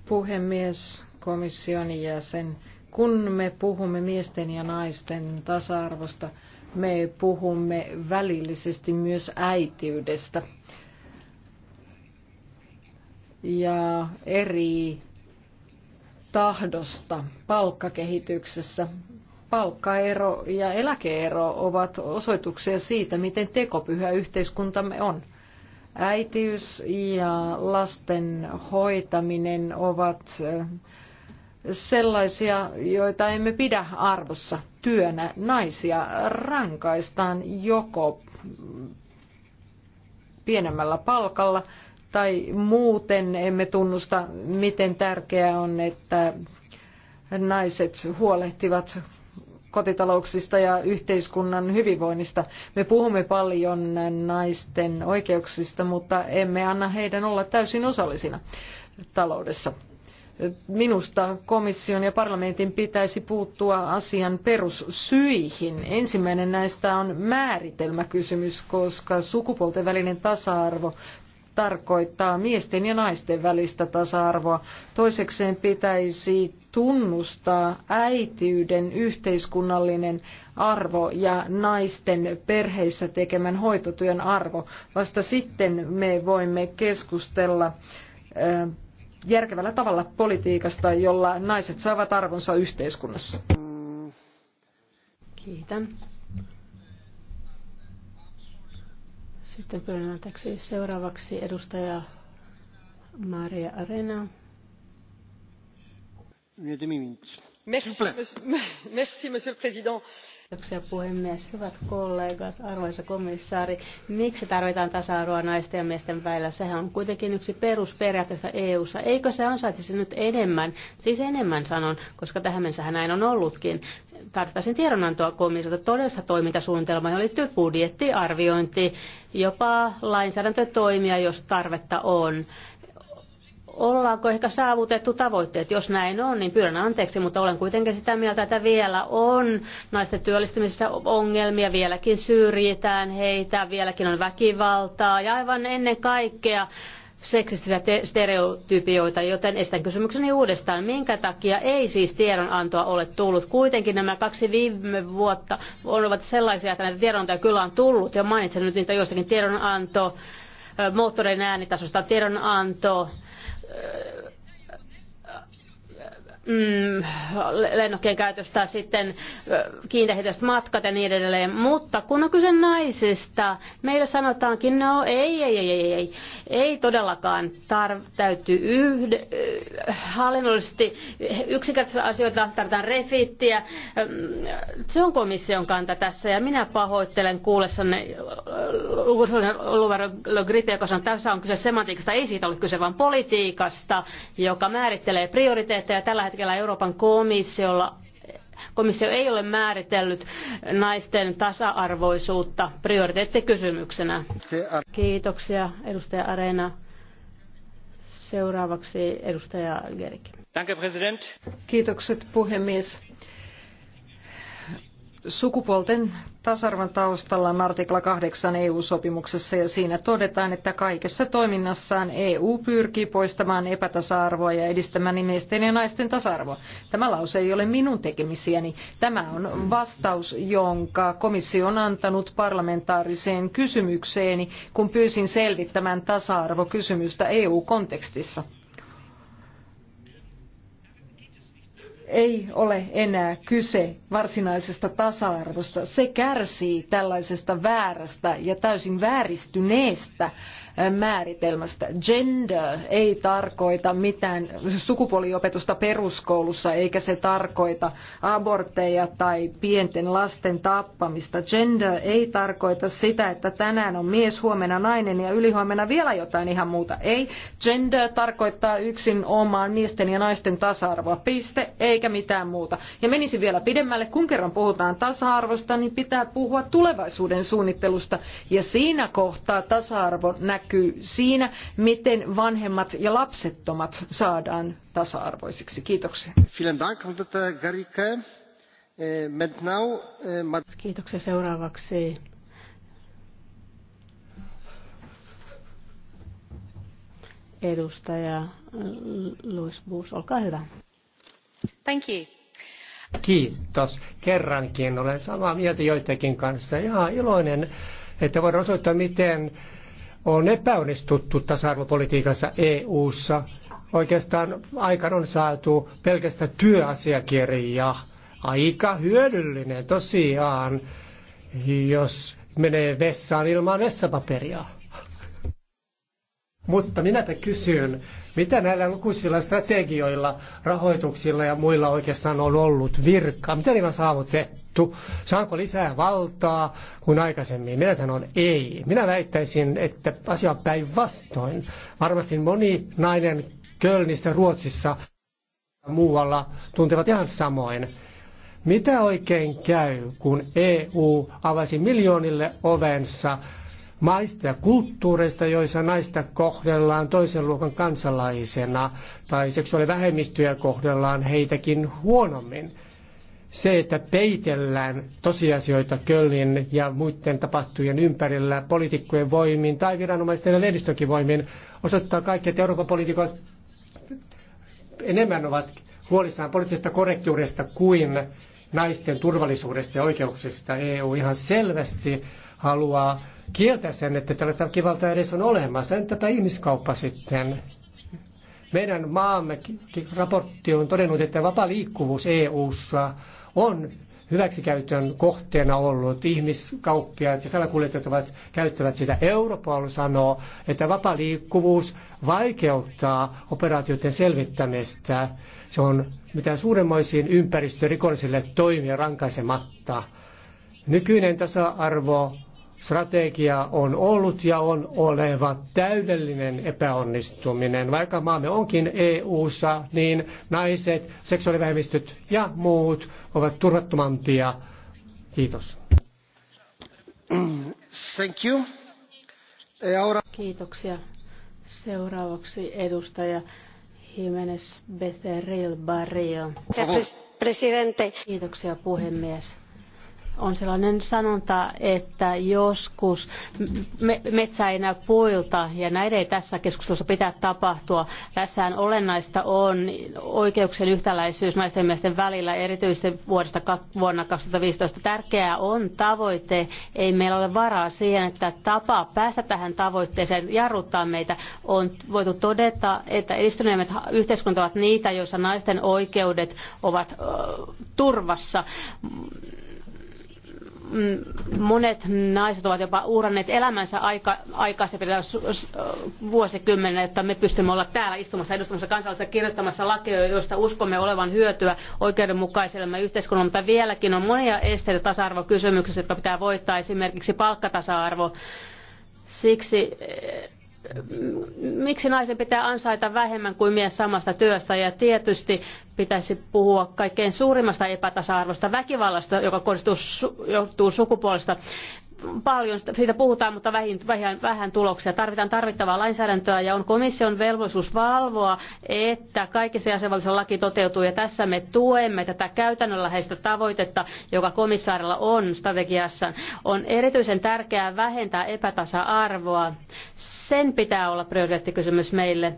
Puhemies, komission jäsen. Kun me puhumme miesten ja naisten tasa-arvosta, me puhumme välillisesti myös äitiydestä. Ja eri tahdosta palkkakehityksessä palkkaero ja eläkeero ovat osoituksia siitä, miten tekopyhä yhteiskuntamme on. Äitiys ja lasten hoitaminen ovat eh, sellaisia, joita emme pidä arvossa työnä. Naisia rankaistaan joko pienemmällä palkalla tai muuten emme tunnusta, miten tärkeää on, että naiset huolehtivat kotitalouksista ja yhteiskunnan hyvinvoinnista. Me puhumme paljon naisten oikeuksista, mutta emme anna heidän olla täysin osallisina taloudessa. Minusta komission ja parlamentin pitäisi puuttua asian perussyihin. Ensimmäinen näistä on määritelmäkysymys, koska sukupuolten välinen tasa-arvo tarkoittaa miesten ja naisten välistä tasa-arvoa. Toisekseen pitäisi tunnustaa äitiyden yhteiskunnallinen arvo ja naisten perheissä tekemän hoitotyön arvo. Vasta sitten me voimme keskustella järkevällä tavalla politiikasta, jolla naiset saavat arvonsa yhteiskunnassa. Kiitän. Sitten pyydän seuraavaksi edustaja Maria Arena. monsieur le président arvoisa puhemies hyvät kollegat arvoisa komissaari miksi tarvitaan tasa arvoa naisten ja miesten välillä? sehän on kuitenkin yksi perusperiaatteista eu ssa. eikö se ansaitsisi nyt enemmän siis enemmän sanon koska tähän mennessä näin on ollutkin. tarvittaisiin tiedonantoa komissiolta todellista toimintasuunnitelmaa johon liittyy budjettiarviointi jopa lainsäädäntötoimia jos tarvetta on ollaanko ehkä saavutettu tavoitteet. Jos näin on, niin pyydän anteeksi, mutta olen kuitenkin sitä mieltä, että vielä on naisten työllistymisessä ongelmia, vieläkin syrjitään heitä, vieläkin on väkivaltaa ja aivan ennen kaikkea seksistisiä stereotypioita, joten esitän kysymykseni uudestaan. Minkä takia ei siis tiedonantoa ole tullut? Kuitenkin nämä kaksi viime vuotta ovat sellaisia, että näitä tiedonantoja kyllä on tullut, ja mainitsen nyt niistä joistakin tiedonanto, moottorin äänitasosta tiedonanto, äh, mm, lennokkien käytöstä, sitten kiinteähiteiset matkat ja niin edelleen. Mutta kun on kyse naisista, meillä sanotaankin, no ei, ei, ei, ei, ei, ei todellakaan tar- täytyy yhde, hallinnollisesti yksinkertaisia asioita, tarvitaan refittiä. Se on komission kanta tässä ja minä pahoittelen kuullessanne Luvero Grite, joka sanoi, että tässä on kyse semantiikasta, ei siitä ole kyse, vaan politiikasta, joka määrittelee prioriteetteja tällä hetkellä hetkellä Euroopan komissiolla komissio ei ole määritellyt naisten tasa-arvoisuutta prioriteettikysymyksenä. Kiitoksia, edustaja Areena. Seuraavaksi edustaja Gerke. Kiitokset puhemies. Sukupuolten tasa-arvon taustalla on artikla 8 EU-sopimuksessa ja siinä todetaan, että kaikessa toiminnassaan EU pyrkii poistamaan epätasa-arvoa ja edistämään miesten ja naisten tasa-arvoa. Tämä lause ei ole minun tekemisiäni. Tämä on vastaus, jonka komissio on antanut parlamentaariseen kysymykseeni, kun pyysin selvittämään tasa-arvokysymystä EU-kontekstissa. ei ole enää kyse varsinaisesta tasa-arvosta. Se kärsii tällaisesta väärästä ja täysin vääristyneestä määritelmästä. Gender ei tarkoita mitään sukupuoliopetusta peruskoulussa, eikä se tarkoita abortteja tai pienten lasten tappamista. Gender ei tarkoita sitä, että tänään on mies, huomenna nainen ja ylihuomenna vielä jotain ihan muuta. Ei. Gender tarkoittaa yksin omaan miesten ja naisten tasa-arvoa. Piste, eikä mitään muuta. Ja menisin vielä pidemmälle, kun kerran puhutaan tasa-arvosta, niin pitää puhua tulevaisuuden suunnittelusta. Ja siinä kohtaa tasa-arvo näkyy näkyy siinä, miten vanhemmat ja lapsettomat saadaan tasa-arvoisiksi. Kiitoksia. Eh, eh, Kiitoksia seuraavaksi. Edustaja Louis Bush olkaa hyvä. Thank you. Kiitos. Kerrankin olen samaa mieltä joidenkin kanssa. Ihan iloinen, että voidaan osoittaa, miten on epäonnistuttu tasa-arvopolitiikassa EU-ssa. Oikeastaan aikaan on saatu pelkästään työasiakirja. Aika hyödyllinen tosiaan, jos menee vessaan ilman vessapaperia. Mutta minäpä kysyn, mitä näillä lukuisilla strategioilla, rahoituksilla ja muilla oikeastaan on ollut virkaa? Mitä niillä on saavutettu? Saanko lisää valtaa kuin aikaisemmin? Minä sanon ei. Minä väittäisin, että asia on päinvastoin. Varmasti moni nainen Kölnissä, Ruotsissa ja muualla tuntevat ihan samoin. Mitä oikein käy, kun EU avasi miljoonille ovensa maista ja kulttuureista, joissa naista kohdellaan toisen luokan kansalaisena tai seksuaalivähemmistöjä kohdellaan heitäkin huonommin. Se, että peitellään tosiasioita Kölnin ja muiden tapahtujen ympärillä poliitikkojen voimin tai viranomaisten ja lehdistönkin voimin, osoittaa kaikki, että Euroopan poliitikot enemmän ovat huolissaan poliittisesta korrektiudesta kuin naisten turvallisuudesta ja oikeuksista. EU ihan selvästi haluaa kieltää sen, että tällaista väkivaltaa edes on olemassa. tämä ihmiskauppa sitten? Meidän maamme raportti on todennut, että vapaa liikkuvuus EU-ssa on hyväksikäytön kohteena ollut. Ihmiskauppiaat ja salakuljettajat ovat, käyttävät sitä. Europol sanoo, että vapaa liikkuvuus vaikeuttaa operaatioiden selvittämistä. Se on mitään suuremmoisiin ympäristörikollisille toimia rankaisematta. Nykyinen tasa-arvo strategia on ollut ja on oleva täydellinen epäonnistuminen. Vaikka maamme onkin EU-ssa, niin naiset, seksuaalivähemmistöt ja muut ovat turvattomampia. Kiitos. Thank you. Kiitoksia. Seuraavaksi edustaja Jimenez Becerril Barrio. Presidente. Kiitoksia puhemies on sellainen sanonta, että joskus metsä ei näy puilta ja näitä ei tässä keskustelussa pitää tapahtua. Tässähän olennaista on oikeuksien yhtäläisyys naisten ja miesten välillä, erityisesti vuodesta vuonna 2015. Tärkeää on tavoite. Ei meillä ole varaa siihen, että tapa päästä tähän tavoitteeseen jarruttaa meitä. On voitu todeta, että edistyneemmät yhteiskunta ovat niitä, joissa naisten oikeudet ovat turvassa Mm, monet naiset ovat jopa uhranneet elämänsä aika, aikaisempina vuosikymmeninä, että me pystymme olla täällä istumassa edustamassa kansalaisia kirjoittamassa lakeja, joista uskomme olevan hyötyä oikeudenmukaiselle yhteiskunnalle, mutta vieläkin on monia esteitä tasa-arvokysymyksissä, jotka pitää voittaa, esimerkiksi palkkatasa-arvo. Siksi miksi naisen pitää ansaita vähemmän kuin mies samasta työstä ja tietysti pitäisi puhua kaikkein suurimmasta epätasa-arvosta väkivallasta, joka kohdistuu, johtuu sukupuolesta. Paljon siitä puhutaan, mutta vähin, vähän, vähän tuloksia. Tarvitaan tarvittavaa lainsäädäntöä ja on komission velvollisuus valvoa, että kaikissa jäsenvaltioissa laki toteutuu. Ja tässä me tuemme tätä käytännönläheistä tavoitetta, joka komissaarilla on strategiassa. On erityisen tärkeää vähentää epätasa-arvoa sen pitää olla prioriteettikysymys meille.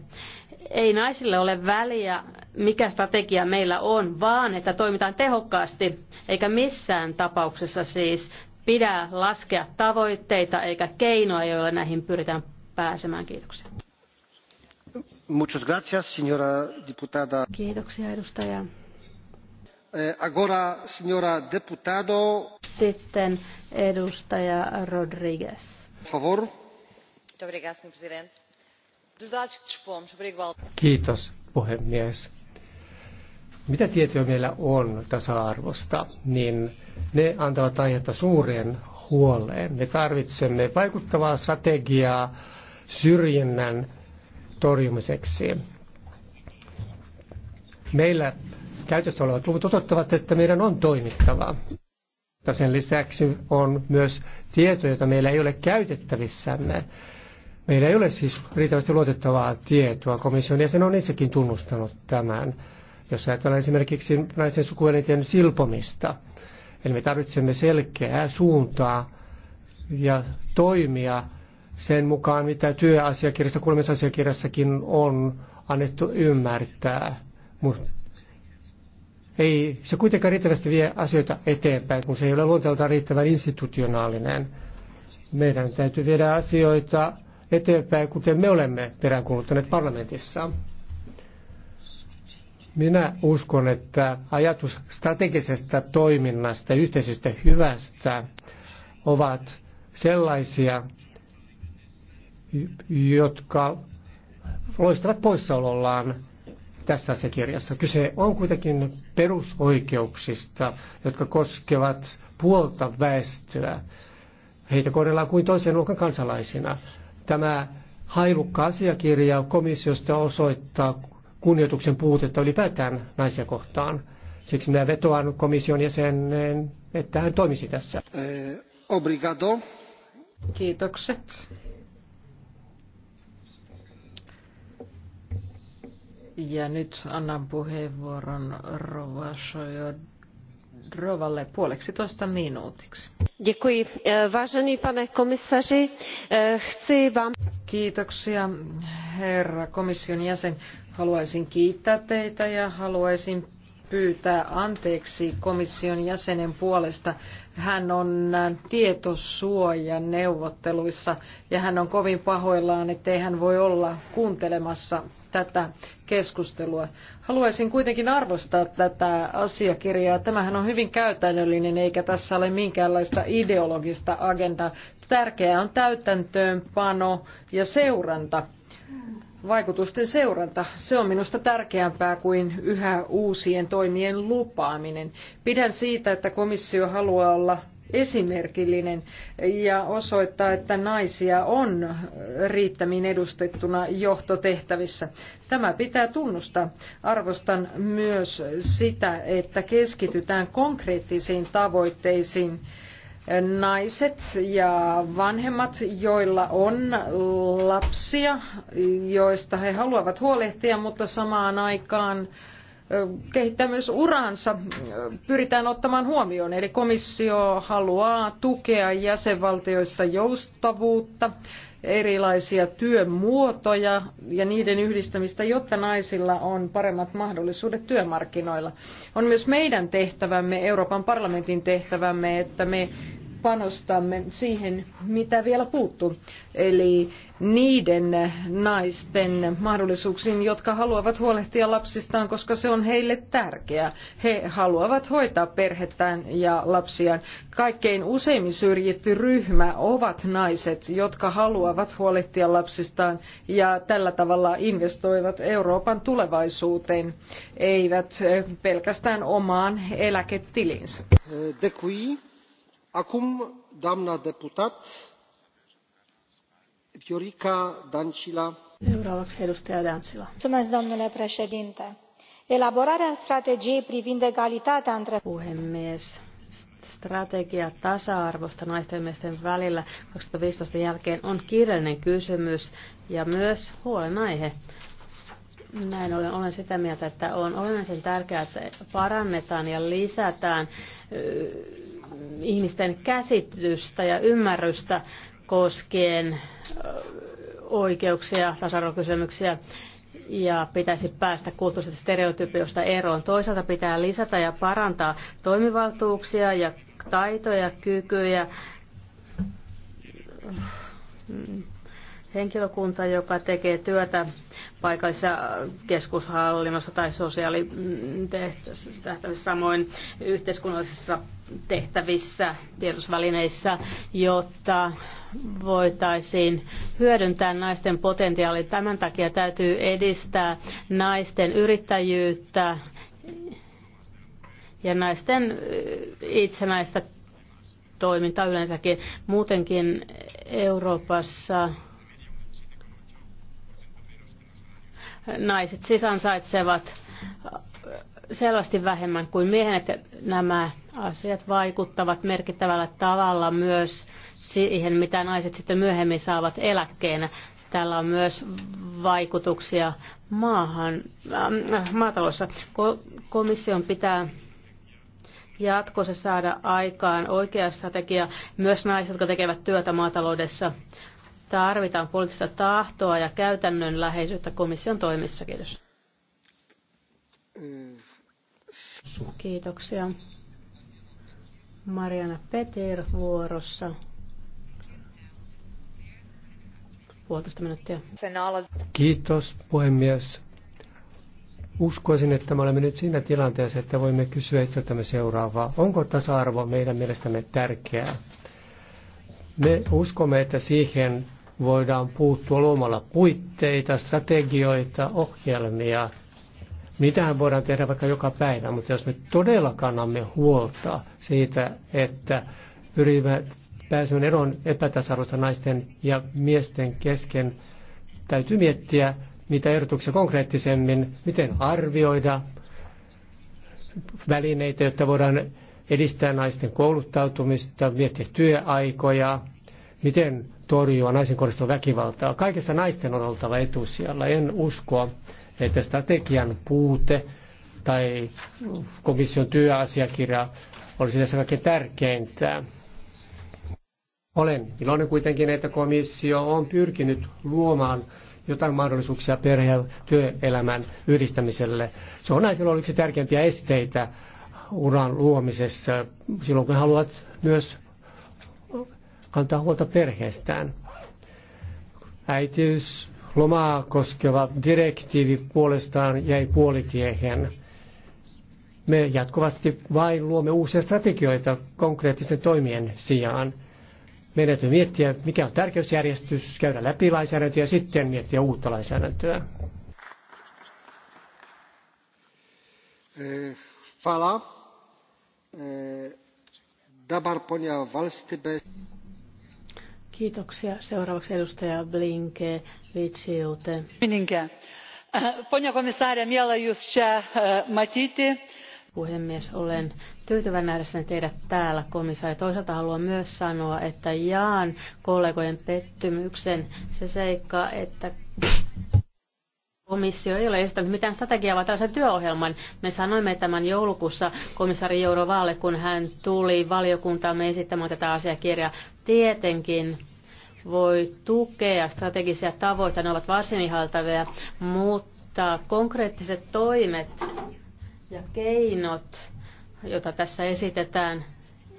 Ei naisille ole väliä, mikä strategia meillä on, vaan että toimitaan tehokkaasti, eikä missään tapauksessa siis pidä laskea tavoitteita eikä keinoja, joilla näihin pyritään pääsemään. Kiitoksia. Muchas gracias, señora diputada. Kiitoksia, edustaja. Eh, Agora, señora deputado. Sitten edustaja Rodriguez. Por favor Kiitos puhemies. Mitä tietoja meillä on tasa-arvosta, niin ne antavat aihetta suureen huoleen. Me tarvitsemme vaikuttavaa strategiaa syrjinnän torjumiseksi. Meillä käytössä olevat luvut osoittavat, että meidän on toimittava. Sen lisäksi on myös tietoja, joita meillä ei ole käytettävissämme Meillä ei ole siis riittävästi luotettavaa tietoa. Komission jäsen on itsekin tunnustanut tämän. Jos ajatellaan esimerkiksi naisten sukuelinten silpomista, eli me tarvitsemme selkeää suuntaa ja toimia sen mukaan, mitä työasiakirjassa, kuulemisasiakirjassakin on annettu ymmärtää. Mutta ei se kuitenkaan riittävästi vie asioita eteenpäin, kun se ei ole luonteeltaan riittävän institutionaalinen. Meidän täytyy viedä asioita eteenpäin, kuten me olemme peräänkuuluttaneet parlamentissa. Minä uskon, että ajatus strategisesta toiminnasta ja yhteisestä hyvästä ovat sellaisia, jotka loistavat poissaolollaan tässä kirjassa. Kyse on kuitenkin perusoikeuksista, jotka koskevat puolta väestöä. Heitä kohdellaan kuin toisen luokan kansalaisina. Tämä hailukka asiakirja komissiosta osoittaa kunnioituksen puutetta ylipäätään naisia kohtaan. Siksi minä vetoan komission jäsenen, että hän toimisi tässä. Eh, obrigado. Kiitokset. Ja nyt annan puheenvuoron Rova Rovalle puoleksitoista minuutiksi. Eh, vážený pane komisaři, eh, chci vám... Kiitoksia, herra komission jäsen. Haluaisin kiittää teitä ja haluaisin pyytää anteeksi komission jäsenen puolesta. Hän on äh, tietosuojan neuvotteluissa ja hän on kovin pahoillaan, ettei hän voi olla kuuntelemassa tätä keskustelua. Haluaisin kuitenkin arvostaa tätä asiakirjaa. Tämähän on hyvin käytännöllinen, eikä tässä ole minkäänlaista ideologista agendaa. Tärkeää on täytäntöönpano ja seuranta. Vaikutusten seuranta, se on minusta tärkeämpää kuin yhä uusien toimien lupaaminen. Pidän siitä, että komissio haluaa olla esimerkillinen ja osoittaa, että naisia on riittämin edustettuna johtotehtävissä. Tämä pitää tunnustaa. Arvostan myös sitä, että keskitytään konkreettisiin tavoitteisiin naiset ja vanhemmat, joilla on lapsia, joista he haluavat huolehtia, mutta samaan aikaan kehittää myös uraansa, pyritään ottamaan huomioon. Eli komissio haluaa tukea jäsenvaltioissa joustavuutta, erilaisia työmuotoja ja niiden yhdistämistä, jotta naisilla on paremmat mahdollisuudet työmarkkinoilla. On myös meidän tehtävämme, Euroopan parlamentin tehtävämme, että me panostamme siihen, mitä vielä puuttuu, eli niiden naisten mahdollisuuksiin, jotka haluavat huolehtia lapsistaan, koska se on heille tärkeää. He haluavat hoitaa perhettään ja lapsiaan. Kaikkein useimmin syrjitty ryhmä ovat naiset, jotka haluavat huolehtia lapsistaan ja tällä tavalla investoivat Euroopan tulevaisuuteen, eivät pelkästään omaan eläketilinsä. De acum doamna domnule președinte elaborarea strategiei privind egalitatea între. puhemies strategia tasa arvosta naisten ja miesten välillä kaksituhatta viisitoista jälkeen on kiireellinen kysymys ja myös huolenaihe. Näin ollen olen sitä mieltä, että on olennaisen tärkeää, että parannetaan ja lisätään ihmisten käsitystä ja ymmärrystä koskien oikeuksia, tasa-arvokysymyksiä ja pitäisi päästä kulttuurisesta stereotypiosta eroon. Toisaalta pitää lisätä ja parantaa toimivaltuuksia ja taitoja, kykyjä henkilökunta, joka tekee työtä paikallisessa keskushallinnossa tai sosiaalitehtävissä, samoin yhteiskunnallisissa tehtävissä, tiedotusvälineissä, jotta voitaisiin hyödyntää naisten potentiaali. Tämän takia täytyy edistää naisten yrittäjyyttä ja naisten itsenäistä toimintaa yleensäkin. Muutenkin Euroopassa Naiset siis ansaitsevat selvästi vähemmän kuin miehet. Nämä asiat vaikuttavat merkittävällä tavalla myös siihen, mitä naiset sitten myöhemmin saavat eläkkeenä. Tällä on myös vaikutuksia maahan, äh, Ko- Komission pitää jatkossa saada aikaan oikea strategia myös naiset, jotka tekevät työtä maataloudessa. Tarvitaan poliittista tahtoa ja käytännön läheisyyttä komission toimissa. Kiitos. Kiitoksia. Mariana Peter vuorossa. Puolitoista minuuttia. Kiitos puhemies. Uskoisin, että me olemme nyt siinä tilanteessa, että voimme kysyä itseltämme seuraavaa. Onko tasa-arvo meidän mielestämme tärkeää? Me uskomme, että siihen voidaan puuttua luomalla puitteita, strategioita, ohjelmia. Niitähän voidaan tehdä vaikka joka päivä, mutta jos me todella kannamme huolta siitä, että pyrimme pääsemään eroon epätasarvoista naisten ja miesten kesken, täytyy miettiä mitä ehdotuksia konkreettisemmin, miten arvioida välineitä, jotta voidaan edistää naisten kouluttautumista, miettiä työaikoja, miten torjua naisen kohdistuvaa väkivaltaa. Kaikessa naisten on oltava etusijalla. En uskoa, että strategian puute tai komission työasiakirja olisi tässä kaikkein tärkeintä. Olen iloinen kuitenkin, että komissio on pyrkinyt luomaan jotain mahdollisuuksia perhe- ja työelämän yhdistämiselle. Se on naisilla ollut yksi tärkeimpiä esteitä uran luomisessa silloin, kun haluat myös kantaa huolta perheestään. Äitiys lomaa koskeva direktiivi puolestaan jäi puolitiehen. Me jatkuvasti vain luomme uusia strategioita konkreettisten toimien sijaan. Meidän täytyy miettiä, mikä on tärkeysjärjestys, käydä läpi lainsäädäntöä ja sitten miettiä uutta lainsäädäntöä. Eh, fala. Eh, dabar ponia Kiitoksia. Seuraavaksi edustaja Blinke, Vitsiute. Minkä? Äh, Ponja komissaari, miela jūs čia äh, matyti. Puhemies, olen tyytyväinen nähdessäni teidät täällä, komissaari. Toisaalta haluan myös sanoa, että jaan kollegojen pettymyksen se seikka, että Komissio ei ole esittänyt mitään strategiaa, vaan tällaisen työohjelman. Me sanoimme tämän joulukuussa komissaari Jourovaalle, kun hän tuli valiokuntaamme esittämään tätä asiakirjaa. Tietenkin voi tukea strategisia tavoitteita, ne ovat varsin ihaltavia, mutta konkreettiset toimet ja keinot, joita tässä esitetään,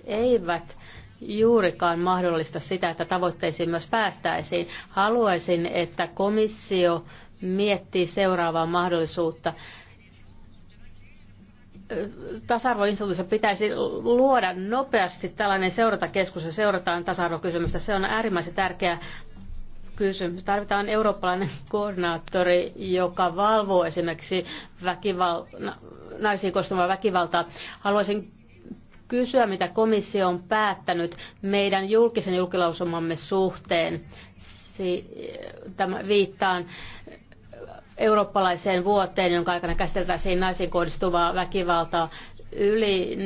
eivät juurikaan mahdollista sitä, että tavoitteisiin myös päästäisiin. Haluaisin, että komissio miettii seuraavaa mahdollisuutta. Tasa-arvoinstituutissa pitäisi luoda nopeasti tällainen seurantakeskus ja seurataan tasa-arvokysymystä. Se on äärimmäisen tärkeä kysymys. Tarvitaan eurooppalainen koordinaattori, joka valvoo esimerkiksi väkival... naisiin koostuvaa väkivaltaa. Haluaisin kysyä, mitä komissio on päättänyt meidän julkisen julkilausumamme suhteen. Si- tämä viittaan eurooppalaiseen vuoteen, jonka aikana käsiteltäisiin naisiin kohdistuvaa väkivaltaa. Yli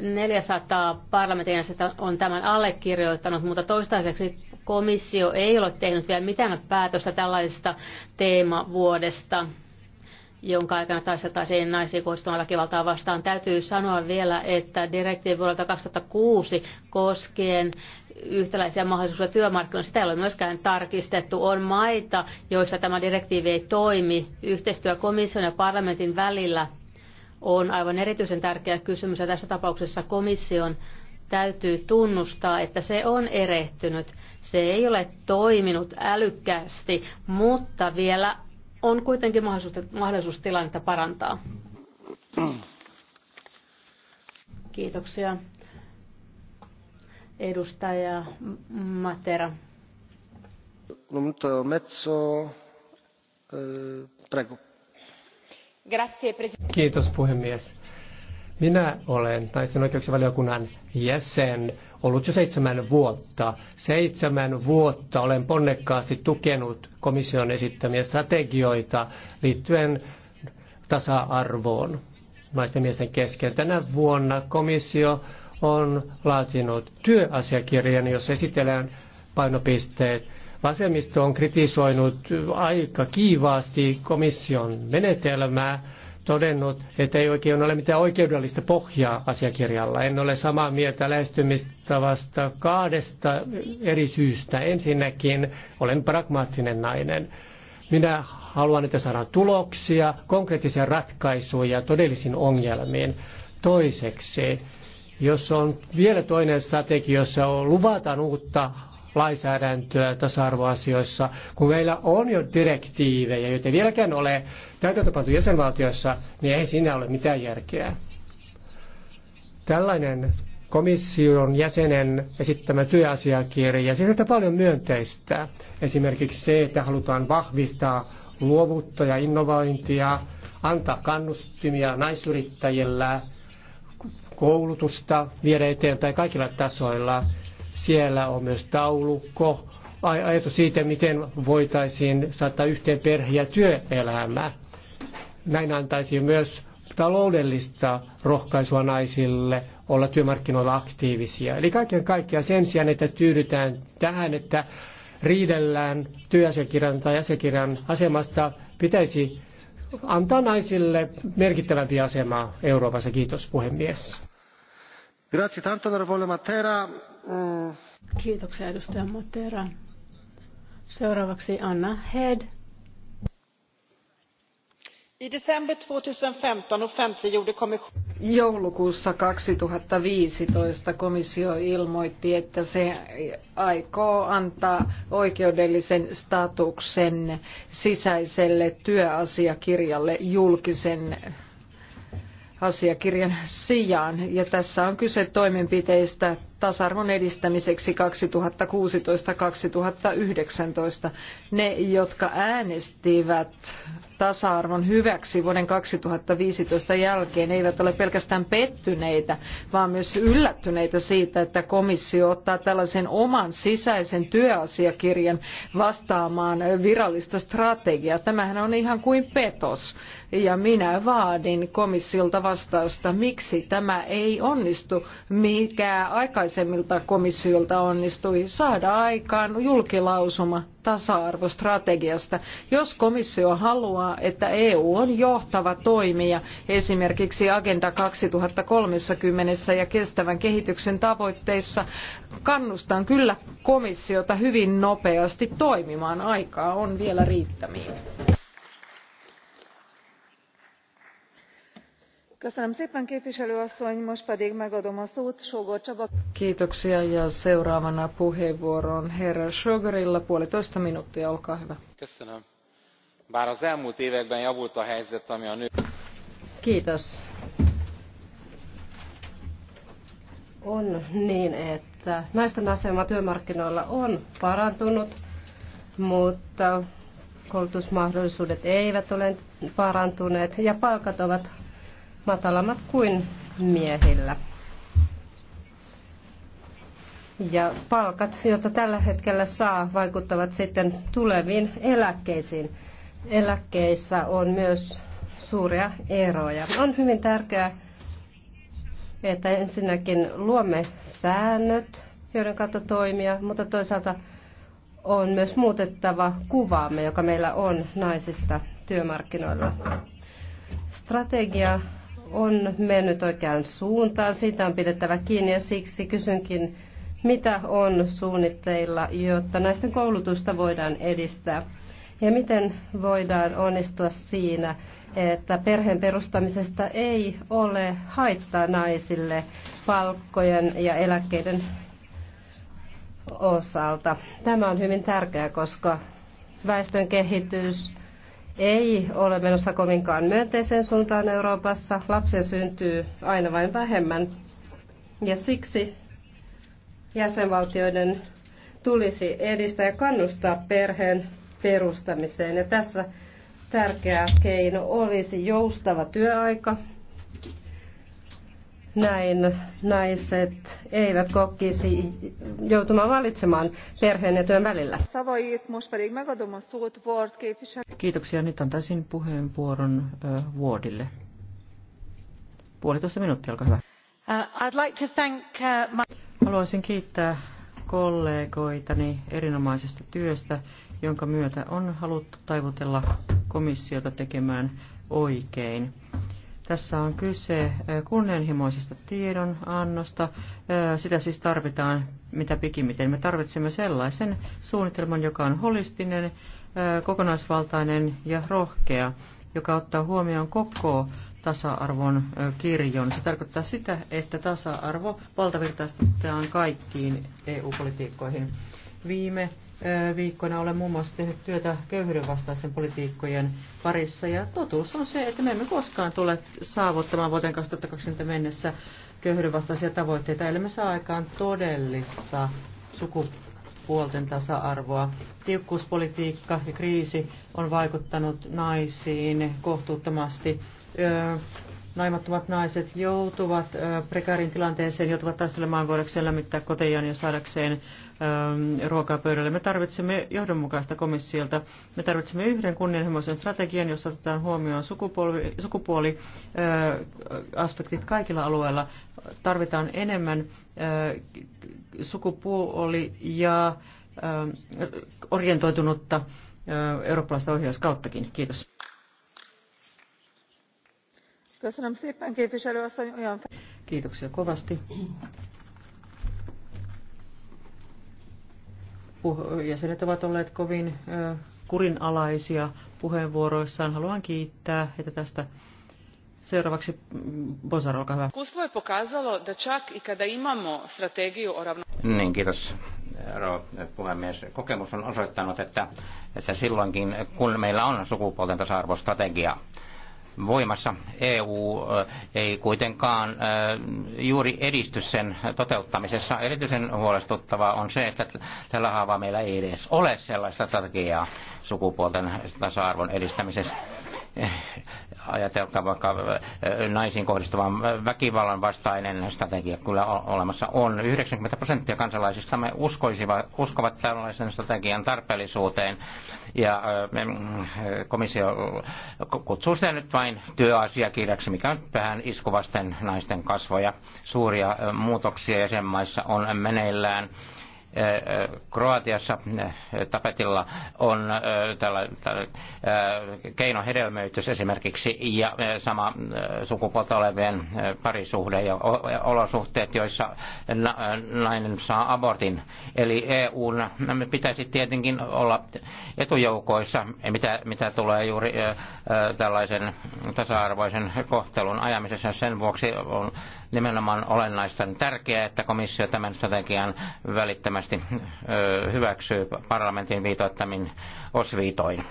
400 parlamentin on tämän allekirjoittanut, mutta toistaiseksi komissio ei ole tehnyt vielä mitään päätöstä tällaisesta teemavuodesta jonka aikana taisteltaisiin naisiin kohdistuvan väkivaltaa vastaan. Täytyy sanoa vielä, että direktiivi vuodelta 2006 koskien yhtäläisiä mahdollisuuksia työmarkkinoilla, sitä ei ole myöskään tarkistettu. On maita, joissa tämä direktiivi ei toimi. Yhteistyö komission ja parlamentin välillä on aivan erityisen tärkeä kysymys, ja tässä tapauksessa komission täytyy tunnustaa, että se on erehtynyt. Se ei ole toiminut älykkäästi, mutta vielä on kuitenkin mahdollisuus, mahdollisuus tilannetta parantaa. Kiitoksia. Edustaja Matera. No, Mezzo, e, prego. Kiitos puhemies minä olen naisten oikeuksien valiokunnan jäsen ollut jo seitsemän vuotta. Seitsemän vuotta olen ponnekkaasti tukenut komission esittämiä strategioita liittyen tasa-arvoon naisten ja miesten kesken. Tänä vuonna komissio on laatinut työasiakirjan, jossa esitellään painopisteet. Vasemmisto on kritisoinut aika kiivaasti komission menetelmää todennut, että ei oikein ole mitään oikeudellista pohjaa asiakirjalla. En ole samaa mieltä lähestymistavasta kahdesta eri syystä. Ensinnäkin olen pragmaattinen nainen. Minä haluan, että saadaan tuloksia, konkreettisia ratkaisuja todellisiin ongelmiin. Toiseksi, jos on vielä toinen strategia, jossa luvataan uutta lainsäädäntöä tasa-arvoasioissa, kun meillä on jo direktiivejä, joita ei vieläkään ole täytäntöpantu jäsenvaltioissa, niin ei siinä ole mitään järkeä. Tällainen komission jäsenen esittämä työasiakirja sisältää paljon myönteistä. Esimerkiksi se, että halutaan vahvistaa luovuutta ja innovointia, antaa kannustimia naisyrittäjillä, koulutusta viedä eteenpäin kaikilla tasoilla – siellä on myös taulukko, ajatus siitä, miten voitaisiin saattaa yhteen perhe- ja työelämää. Näin antaisi myös taloudellista rohkaisua naisille olla työmarkkinoilla aktiivisia. Eli kaiken kaikkiaan sen sijaan, että tyydytään tähän, että riidellään työasiakirjan tai asiakirjan asemasta, pitäisi antaa naisille merkittävämpi asema Euroopassa. Kiitos puhemies. Grazie tanto, Kiitoksia edustaja Matera. Seuraavaksi Anna Head. I december 2015 offentliggjorde kommissionen Joulukuussa 2015 komissio ilmoitti, että se aikoo antaa oikeudellisen statuksen sisäiselle työasiakirjalle julkisen asiakirjan sijaan. Ja tässä on kyse toimenpiteistä tasa-arvon edistämiseksi 2016-2019. Ne, jotka äänestivät tasa-arvon hyväksi vuoden 2015 jälkeen eivät ole pelkästään pettyneitä, vaan myös yllättyneitä siitä, että komissio ottaa tällaisen oman sisäisen työasiakirjan vastaamaan virallista strategiaa. Tämähän on ihan kuin petos. Ja minä vaadin komissiolta vastausta, miksi tämä ei onnistu, mikä aikaisemmilta komissiolta onnistui saada aikaan julkilausuma tasa-arvostrategiasta. Jos komissio haluaa, että EU on johtava toimija esimerkiksi Agenda 2030 ja kestävän kehityksen tavoitteissa, kannustan kyllä komissiota hyvin nopeasti toimimaan. Aikaa on vielä riittämiin. seuraavana puheenvuoro on herra puolitoista minuuttia, olkaa hyvä. On niin, että naisten asema työmarkkinoilla on parantunut, mutta koulutusmahdollisuudet eivät ole parantuneet ja palkat ovat matalammat kuin miehillä. Ja palkat, joita tällä hetkellä saa, vaikuttavat sitten tuleviin eläkkeisiin. Eläkkeissä on myös suuria eroja. On hyvin tärkeää, että ensinnäkin luomme säännöt, joiden kautta toimia, mutta toisaalta on myös muutettava kuvaamme, joka meillä on naisista työmarkkinoilla. Strategia on mennyt oikeaan suuntaan, siitä on pidettävä kiinni ja siksi kysynkin, mitä on suunnitteilla, jotta naisten koulutusta voidaan edistää ja miten voidaan onnistua siinä, että perheen perustamisesta ei ole haittaa naisille palkkojen ja eläkkeiden osalta. Tämä on hyvin tärkeää, koska väestön kehitys, ei ole menossa kovinkaan myönteiseen suuntaan Euroopassa. Lapsia syntyy aina vain vähemmän. Ja siksi jäsenvaltioiden tulisi edistää ja kannustaa perheen perustamiseen. Ja tässä tärkeä keino olisi joustava työaika, näin naiset eivät kokisi joutumaan valitsemaan perheen ja työn välillä. Kiitoksia. Nyt antaisin puheenvuoron uh, Wardille. Puolitoista minuuttia, olkaa hyvä. Uh, I'd like to thank, uh, my... Haluaisin kiittää kollegoitani erinomaisesta työstä, jonka myötä on haluttu taivutella komissiota tekemään oikein. Tässä on kyse kunnianhimoisesta tiedonannosta. Sitä siis tarvitaan mitä pikimiten. Me tarvitsemme sellaisen suunnitelman, joka on holistinen, kokonaisvaltainen ja rohkea, joka ottaa huomioon koko tasa-arvon kirjon. Se tarkoittaa sitä, että tasa-arvo valtavirtaistetaan kaikkiin EU-politiikkoihin. Viime viikkoina olen muun muassa tehnyt työtä köyhyydenvastaisten politiikkojen parissa. Ja totuus on se, että me emme koskaan tule saavuttamaan vuoteen 2020 mennessä köyhyydenvastaisia tavoitteita, eli me saa aikaan todellista sukupuolten tasa-arvoa. Tiukkuuspolitiikka ja kriisi on vaikuttanut naisiin kohtuuttomasti naimattomat naiset joutuvat prekaarin tilanteeseen, joutuvat taistelemaan voidakseen lämmittää kotejaan ja saadakseen ruokaa pöydälle. Me tarvitsemme johdonmukaista komissiolta. Me tarvitsemme yhden kunnianhimoisen strategian, jossa otetaan huomioon sukupuoli, sukupuoliaspektit kaikilla alueilla. Tarvitaan enemmän sukupuoli- ja orientoitunutta eurooppalaista ohjauskauttakin. Kiitos. Kiitoksia kovasti. Jäsenet ovat olleet kovin kurinalaisia puheenvuoroissaan. Haluan kiittää heitä tästä. Seuraavaksi mm, Bozar, olkaa hyvä. Kustvo je pokazalo da čak i kada imamo strategiju o ravno... Niin, kiitos rouva puhemies. Kokemus on osoittanut, että, että silloinkin kun meillä on sukupuolten tasa-arvostrategia, voimassa. EU ei kuitenkaan juuri edisty sen toteuttamisessa. Erityisen huolestuttavaa on se, että tällä haavaa meillä ei edes ole sellaista strategiaa sukupuolten tasa-arvon edistämisessä ajatelkaa vaikka äh, naisiin kohdistuvan väkivallan vastainen strategia kyllä olemassa on. 90 prosenttia kansalaisista me uskoisivat, uskovat tällaisen strategian tarpeellisuuteen ja äh, komissio kutsuu sitä nyt vain työasiakirjaksi, mikä on vähän iskuvasten naisten kasvoja. Suuria äh, muutoksia jäsenmaissa on meneillään Kroatiassa eh, tapetilla on eh, tällä, tällä eh, keinohedelmöitys esimerkiksi ja sama sukupuolta olevien parisuhde ja olosuhteet, joissa nainen saa abortin. Eli EUn pitäisi tietenkin olla etujoukoissa, mitä, mitä tulee juuri tällaisen tasa-arvoisen kohtelun ajamisessa. Sen vuoksi on nimenomaan olennaista tärkeää, että komissio tämän strategian välittömästi hyväksyy parlamentin viitoittamin osviitoin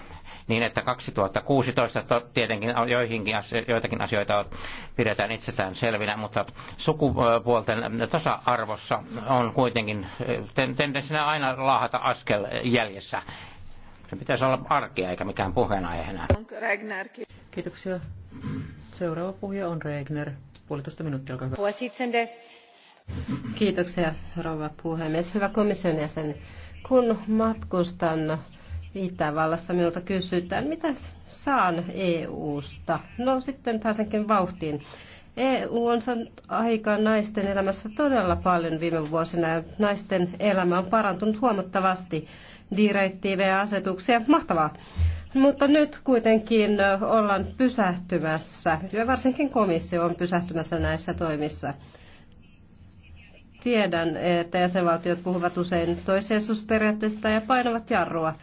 niin että 2016 tietenkin joihinkin joitakin asioita pidetään itsestään selvinä, mutta sukupuolten tasa-arvossa on kuitenkin tendenssinä aina laahata askel jäljessä. Se pitäisi olla arkea eikä mikään puheenaihe enää. Kiitoksia. Seuraava puhuja on Regner puolitoista minuuttia, olkaa hyvä. Kiitoksia, rouva puhemies. Hyvä komission jäsen. Kun matkustan Itävallassa, minulta kysytään, mitä saan EU-sta? No sitten pääsenkin vauhtiin. EU on saanut aikaa naisten elämässä todella paljon viime vuosina ja naisten elämä on parantunut huomattavasti. Direktiivejä ja asetuksia, mahtavaa. Mutta nyt kuitenkin ollaan pysähtymässä, ja varsinkin komissio on pysähtymässä näissä toimissa. Tiedän, että jäsenvaltiot puhuvat usein toisensuusperiaatteesta ja painavat jarrua.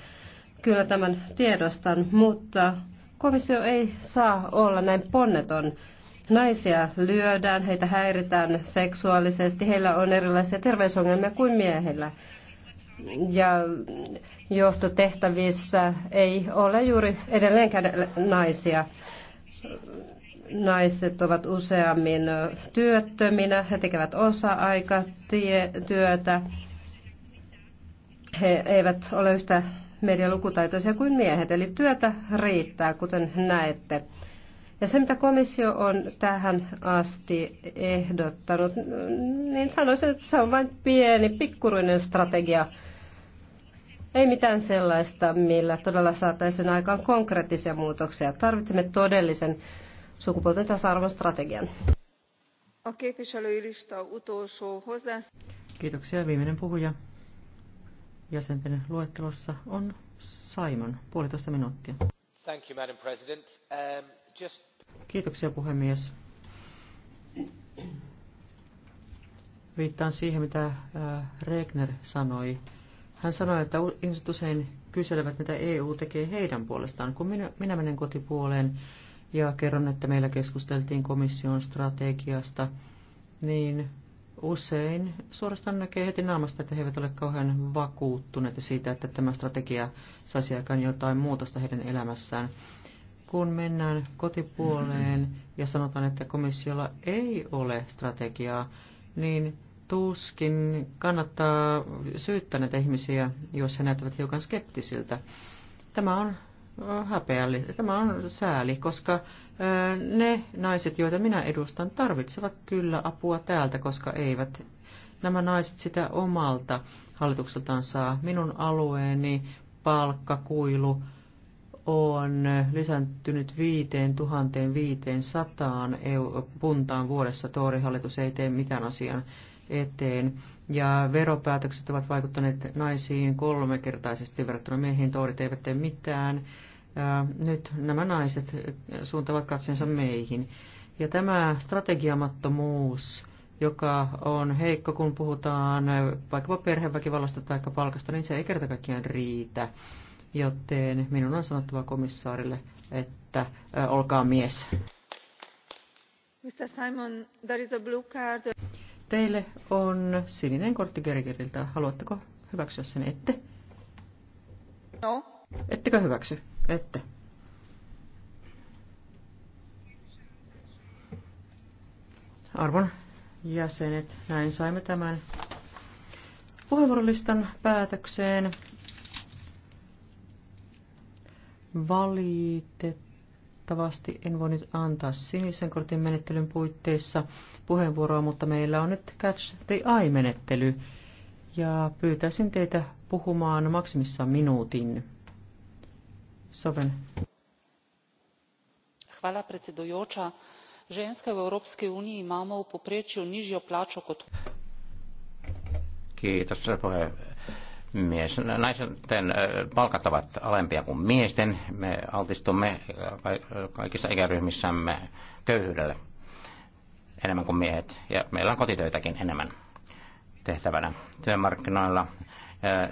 Kyllä tämän tiedostan, mutta komissio ei saa olla näin ponneton. Naisia lyödään, heitä häiritään seksuaalisesti, heillä on erilaisia terveysongelmia kuin miehillä ja johtotehtävissä ei ole juuri edelleenkään naisia. Naiset ovat useammin työttöminä, he tekevät osa-aikatyötä, he eivät ole yhtä medialukutaitoisia kuin miehet, eli työtä riittää, kuten näette. Ja se, mitä komissio on tähän asti ehdottanut, niin sanoisin, että se on vain pieni, pikkuruinen strategia ei mitään sellaista, millä todella saataisiin aikaan konkreettisia muutoksia. Tarvitsemme todellisen sukupuolten tasa-arvon strategian. Kiitoksia. Viimeinen puhuja jäsenten luettelossa on Simon, puolitoista minuuttia. Thank you, Madam President. Um, just... Kiitoksia puhemies. Viittaan siihen, mitä äh, Regner sanoi hän sanoi, että ihmiset usein kyselevät, mitä EU tekee heidän puolestaan. Kun minä, minä menen kotipuoleen ja kerron, että meillä keskusteltiin komission strategiasta, niin usein suorastaan näkee heti naamasta, että he eivät ole kauhean vakuuttuneita siitä, että tämä strategia saisi aikaan jotain muutosta heidän elämässään. Kun mennään kotipuoleen ja sanotaan, että komissiolla ei ole strategiaa, niin tuskin kannattaa syyttää näitä ihmisiä, jos he näyttävät hiukan skeptisiltä. Tämä on äh, häpeäli, tämä on sääli, koska äh, ne naiset, joita minä edustan, tarvitsevat kyllä apua täältä, koska eivät nämä naiset sitä omalta hallitukseltaan saa. Minun alueeni palkkakuilu on lisääntynyt 5500 puntaan vuodessa. Toorihallitus ei tee mitään asian eteen. Ja veropäätökset ovat vaikuttaneet naisiin kolmekertaisesti verrattuna miehiin. Toorit eivät tee mitään. Nyt nämä naiset suuntavat katseensa meihin. Ja tämä strategiamattomuus, joka on heikko, kun puhutaan vaikkapa perheväkivallasta tai palkasta, niin se ei kerta kaikkiaan riitä. Joten minun on sanottava komissaarille, että olkaa mies. Mr. Simon, there is a blue card. Teille on sininen kortti Gergeriltä. Haluatteko hyväksyä sen? Ette? No. Ettekö hyväksy? Ette. Arvon jäsenet, näin saimme tämän puheenvuorolistan päätökseen. valitettavasti. Valitettavasti en voi nyt antaa sinisen kortin menettelyn puitteissa puheenvuoroa, mutta meillä on nyt catch the eye-menettely. Ja pyytäisin teitä puhumaan maksimissaan minuutin. Soven. Hvala predsedujoča. Ženska v Evropski unii imamo v poprečju nižjo plačo kot... Kiitos puheenjohtaja mies, naisten palkat ovat alempia kuin miesten. Me altistumme kaikissa ikäryhmissämme köyhyydelle enemmän kuin miehet. Ja meillä on kotitöitäkin enemmän tehtävänä työmarkkinoilla.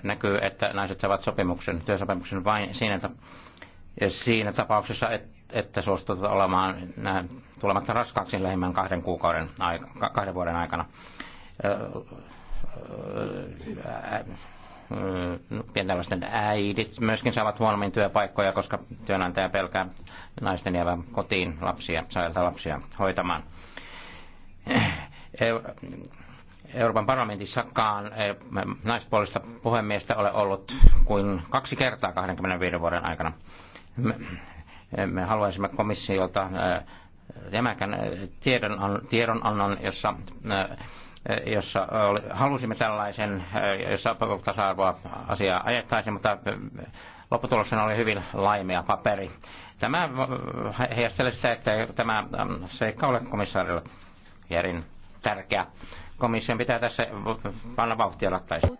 Näkyy, että naiset saavat sopimuksen, työsopimuksen vain siinä, siinä tapauksessa, että suostutaan olemaan tulematta raskaaksi lähimmän kahden kuukauden kahden vuoden aikana Mm, no, pienten äidit myöskin saavat huonommin työpaikkoja, koska työnantaja pelkää naisten jäävän kotiin lapsia, sairaita lapsia hoitamaan. Euroopan parlamentissakaan eh, naispuolista puhemiestä ole ollut kuin kaksi kertaa 25 vuoden aikana. Me, me haluaisimme komissiolta eh, jämäkän eh, tiedonannon, tiedonannon jossa Eh, jossa eh, halusimme tällaisen, eh, jossa tasa-arvoa asiaa ajettaisiin, mutta lopputuloksena oli hyvin laimea paperi. Tämä heijastelee sitä, että tämä mm, seikka ole komissaarilla järin tärkeä. Komission pitää tässä panna vauhtia rattaisiin.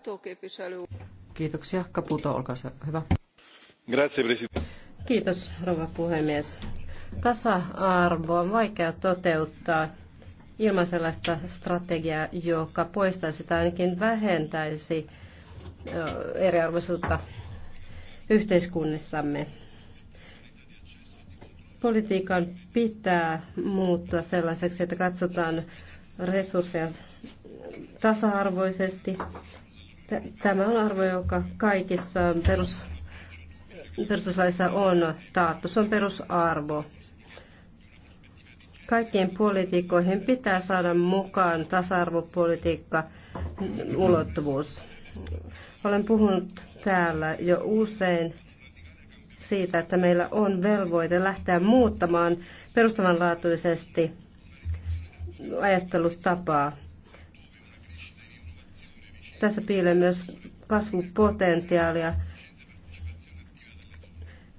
Kiitoksia. Kaputo, olkaa hyvä. Kiitos, rouva puhemies. Tasa-arvo on vaikea toteuttaa, ilman sellaista strategiaa, joka poistaisi tai ainakin vähentäisi eriarvoisuutta yhteiskunnissamme. Politiikan pitää muuttua sellaiseksi, että katsotaan resursseja tasa-arvoisesti. Tämä on arvo, joka kaikissa perus, perustuslaissa on taattu. Se on perusarvo. Kaikkien politiikkoihin pitää saada mukaan tasa-arvopolitiikka ulottuvuus. Olen puhunut täällä jo usein siitä, että meillä on velvoite lähteä muuttamaan perustavanlaatuisesti ajattelutapaa. Tässä piilee myös kasvupotentiaalia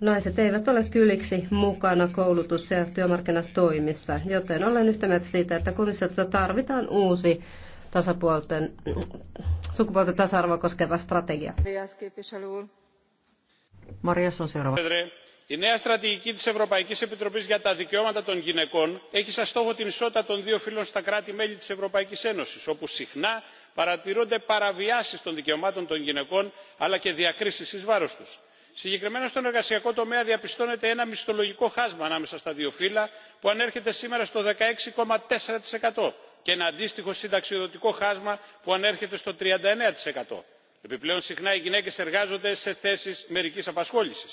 naiset eivät ole kyliksi mukana koulutus- ja työmarkkinatoimissa, joten olen yhtä mieltä siitä, että komissiolta tarvitaan uusi tasapuolten, sukupuolten tasa-arvoa koskeva strategia. Marias on seuraava. Η νέα στρατηγική της Ευρωπαϊκής Επιτροπής για τα δικαιώματα των γυναικών έχει σαν στόχο την ισότητα των δύο φύλων στα κράτη-μέλη της Ευρωπαϊκής Ένωσης, όπου συχνά παρατηρούνται παραβιάσεις των δικαιωμάτων των γυναικών αλλά και διακρίσεις εις βάρος τους συγκεκριμένα στον εργασιακό τομέα διαπιστώνεται ένα μισθολογικό χάσμα ανάμεσα στα δύο φύλλα που ανέρχεται σήμερα στο δεκαέξι τέσσερα και ένα αντίστοιχο συνταξιοδοτικό χάσμα που ανέρχεται στο. τριάντα εννέα επιπλέον συχνά οι γυναίκε εργάζονται σε θέσει μερική απασχόληση.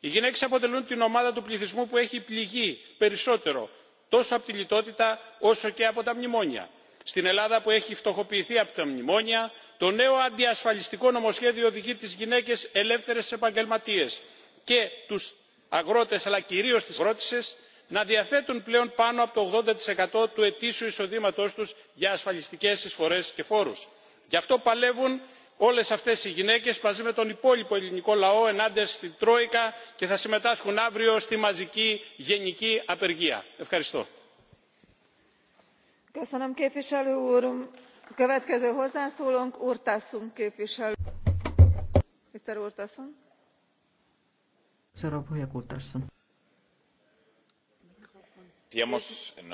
οι γυναίκε αποτελούν την ομάδα του πληθυσμού που έχει πληγεί περισσότερο τόσο από τη λιτότητα όσο και από τα μνημόνια. στην ελλάδα που έχει φτωχοποιηθεί από τα μνημόνια το νέο αντιασφαλιστικό νομοσχέδιο οδηγεί τις γυναίκες ελεύθερες επαγγελματίες και τους αγρότες αλλά κυρίως τις αγρότισσες να διαθέτουν πλέον πάνω από το 80% του ετήσιου εισοδήματός τους για ασφαλιστικές εισφορές και φόρους. γι' αυτό παλεύουν όλες αυτές οι γυναίκες μαζί με τον υπόλοιπο ελληνικό λαό ενάντια στην τρόικα και θα συμμετάσχουν αύριο στη μαζική γενική απεργία. ευχαριστώ. No,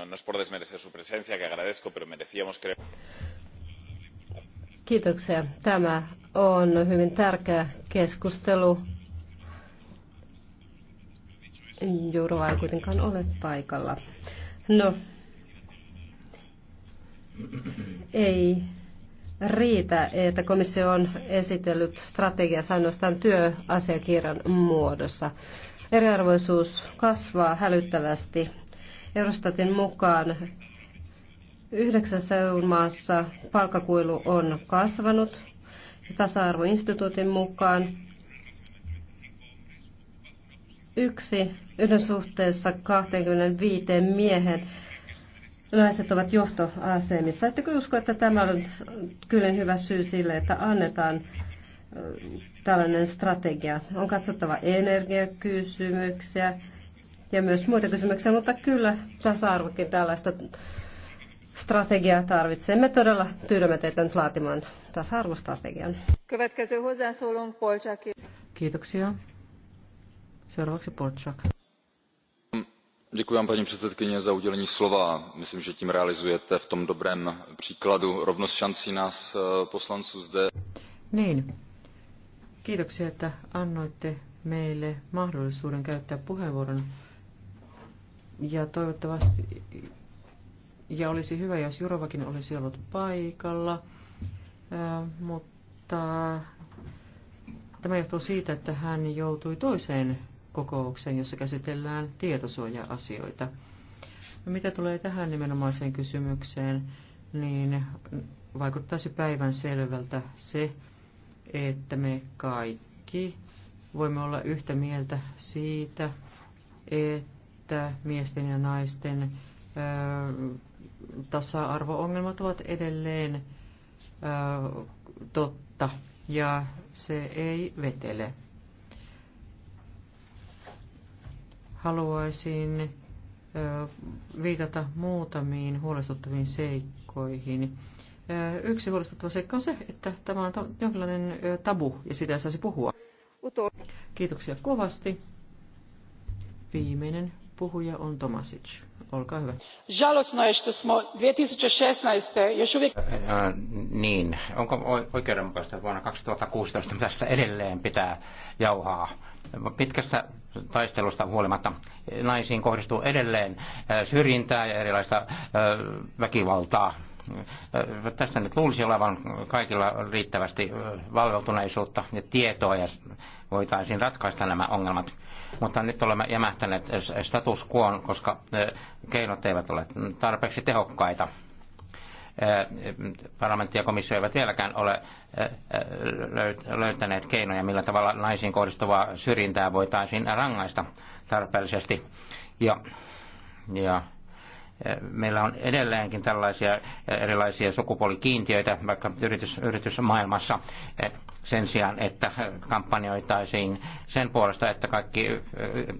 no, es por desmerecer su presencia, que agradezco, pero merecíamos que... Kiitoksia. Tämä on hyvin tärkeä keskustelu. Jurva ei kuitenkaan ole paikalla. No, ei riitä, että komissio on esitellyt strategiassa ainoastaan työasiakirjan muodossa. Eriarvoisuus kasvaa hälyttävästi. Eurostatin mukaan yhdeksässä EU-maassa palkkakuilu on kasvanut. Tasa-arvoinstituutin mukaan yksi yhden suhteessa 25 miehen naiset ovat johtoasemissa. Ettekö usko, että tämä on kyllä hyvä syy sille, että annetaan tällainen strategia? On katsottava energiakysymyksiä ja myös muita kysymyksiä, mutta kyllä tasa-arvokin tällaista strategiaa tarvitsee. Me todella pyydämme teitä nyt laatimaan tasa-arvostrategian. Kiitoksia. Seuraavaksi Polchak paní předsedající myslím že tím realizujete v tom dobrém příkladu rovnost šancí nás eh, poslanců zde. Niin. Kiitoksia, että annoitte meille mahdollisuuden käyttää puheenvuoron. Ja toivottavasti, ja olisi hyvä, jos Jurovakin olisi ollut paikalla, eh, mutta tämä johtuu siitä, että hän joutui toiseen kokoukseen, jossa käsitellään tietosuoja-asioita. No, mitä tulee tähän nimenomaiseen kysymykseen, niin vaikuttaisi päivän selvältä se, että me kaikki voimme olla yhtä mieltä siitä, että miesten ja naisten tasa-arvo-ongelmat ovat edelleen totta ja se ei vetele. haluaisin viitata muutamiin huolestuttaviin seikkoihin. Yksi huolestuttava seikka on se, että tämä on jonkinlainen tabu ja sitä saisi puhua. Kiitoksia kovasti. Viimeinen puhuja on Tomasic. Olkaa hyvä. Žalosno je što smo 2016. još uvijek... Äh, niin, onko oikeudenmukaista vuonna 2016 tästä edelleen pitää jauhaa? Pitkästä taistelusta huolimatta naisiin kohdistuu edelleen äh, syrjintää ja erilaista äh, väkivaltaa äh, tästä nyt luulisi olevan kaikilla riittävästi valveutuneisuutta ja tietoa ja voitaisiin ratkaista nämä ongelmat. Mutta nyt olemme jämähtäneet status quo, koska e, keinot eivät ole tarpeeksi tehokkaita e, parlamentti ja komissio eivät vieläkään ole e, löytäneet keinoja, millä tavalla naisiin kohdistuvaa syrjintää voitaisiin rangaista tarpeellisesti. Ja, ja meillä on edelleenkin tällaisia erilaisia sukupuolikiintiöitä vaikka yritys, yritysmaailmassa eh, sen sijaan, että kampanjoitaisiin sen puolesta, että kaikki eh,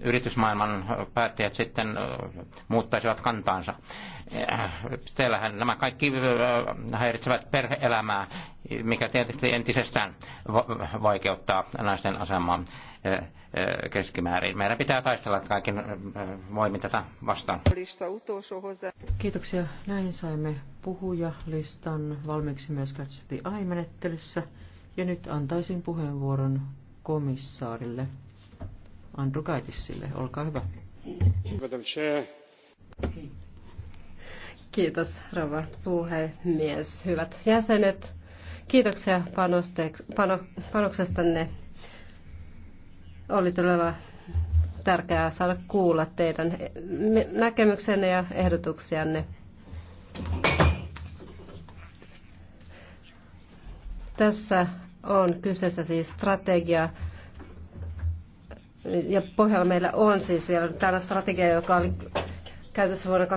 yritysmaailman päättäjät sitten eh, muuttaisivat kantaansa. Teillähän nämä kaikki häiritsevät perheelämää, mikä tietysti entisestään vaikeuttaa naisten asemaa keskimäärin. Meidän pitää taistella kaiken voimin tätä vastaan. Kiitoksia. Näin saimme puhujalistan valmiiksi myös Catch the menettelyssä Ja nyt antaisin puheenvuoron komissaarille Andru Kaitissille. Olkaa hyvä. Kiitos, rouva puhemies. Hyvät jäsenet, kiitoksia panosteeks, pano, panoksestanne oli todella tärkeää saada kuulla teidän näkemyksenne ja ehdotuksianne. Tässä on kyseessä siis strategia, ja pohjalla meillä on siis vielä tämä strategia, joka oli käytössä vuonna 2010-2015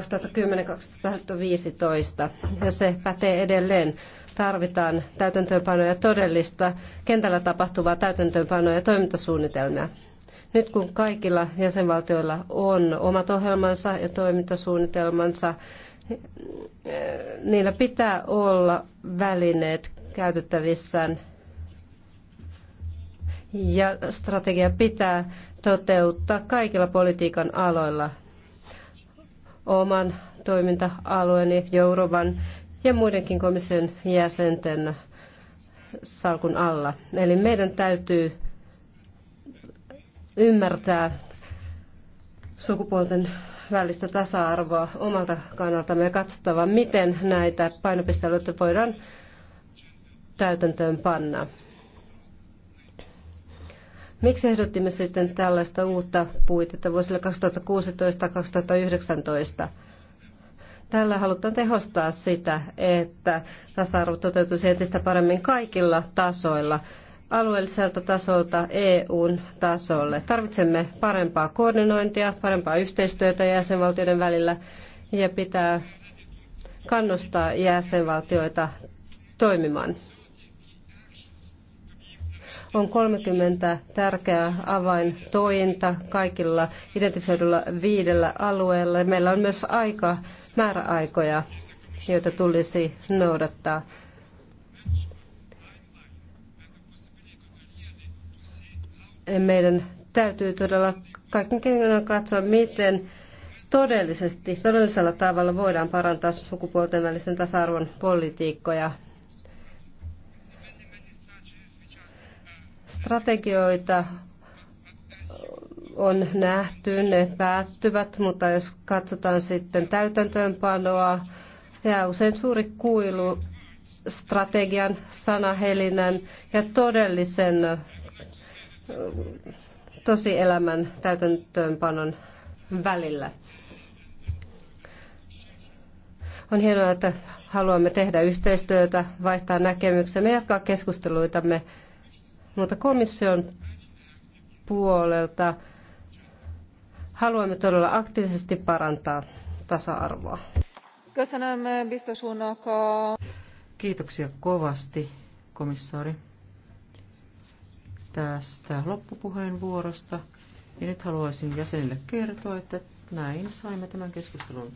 ja se pätee edelleen. Tarvitaan täytäntöönpanoja todellista, kentällä tapahtuvaa täytäntöönpanoja ja toimintasuunnitelmia. Nyt kun kaikilla jäsenvaltioilla on omat ohjelmansa ja toimintasuunnitelmansa, niillä pitää olla välineet käytettävissään ja strategia pitää toteuttaa kaikilla politiikan aloilla oman toiminta-alueeni Jourovan ja muidenkin komission jäsenten salkun alla. Eli meidän täytyy ymmärtää sukupuolten välistä tasa-arvoa omalta kannaltamme ja katsottava, miten näitä painopistealueita voidaan täytäntöön panna. Miksi ehdottimme sitten tällaista uutta puitetta vuosille 2016-2019? Tällä halutaan tehostaa sitä, että tasa-arvo toteutuisi entistä paremmin kaikilla tasoilla, alueelliselta tasolta EUn tasolle. Tarvitsemme parempaa koordinointia, parempaa yhteistyötä jäsenvaltioiden välillä ja pitää kannustaa jäsenvaltioita toimimaan on 30 tärkeää avaintointa kaikilla identifioidulla viidellä alueella. Meillä on myös aika määräaikoja, joita tulisi noudattaa. Meidän täytyy todella kaiken keinoin katsoa, miten todellisesti, todellisella tavalla voidaan parantaa sukupuolten välisen tasa-arvon politiikkoja Strategioita on nähty, ne päättyvät, mutta jos katsotaan sitten täytäntöönpanoa, jää usein suuri kuilu strategian, sanahelinän ja todellisen tosielämän täytäntöönpanon välillä. On hienoa, että haluamme tehdä yhteistyötä, vaihtaa näkemyksemme, jatkaa keskusteluitamme mutta komission puolelta haluamme todella aktiivisesti parantaa tasa-arvoa. Kiitoksia kovasti, komissaari, tästä loppupuheenvuorosta. Ja nyt haluaisin jäsenille kertoa, että näin saimme tämän keskustelun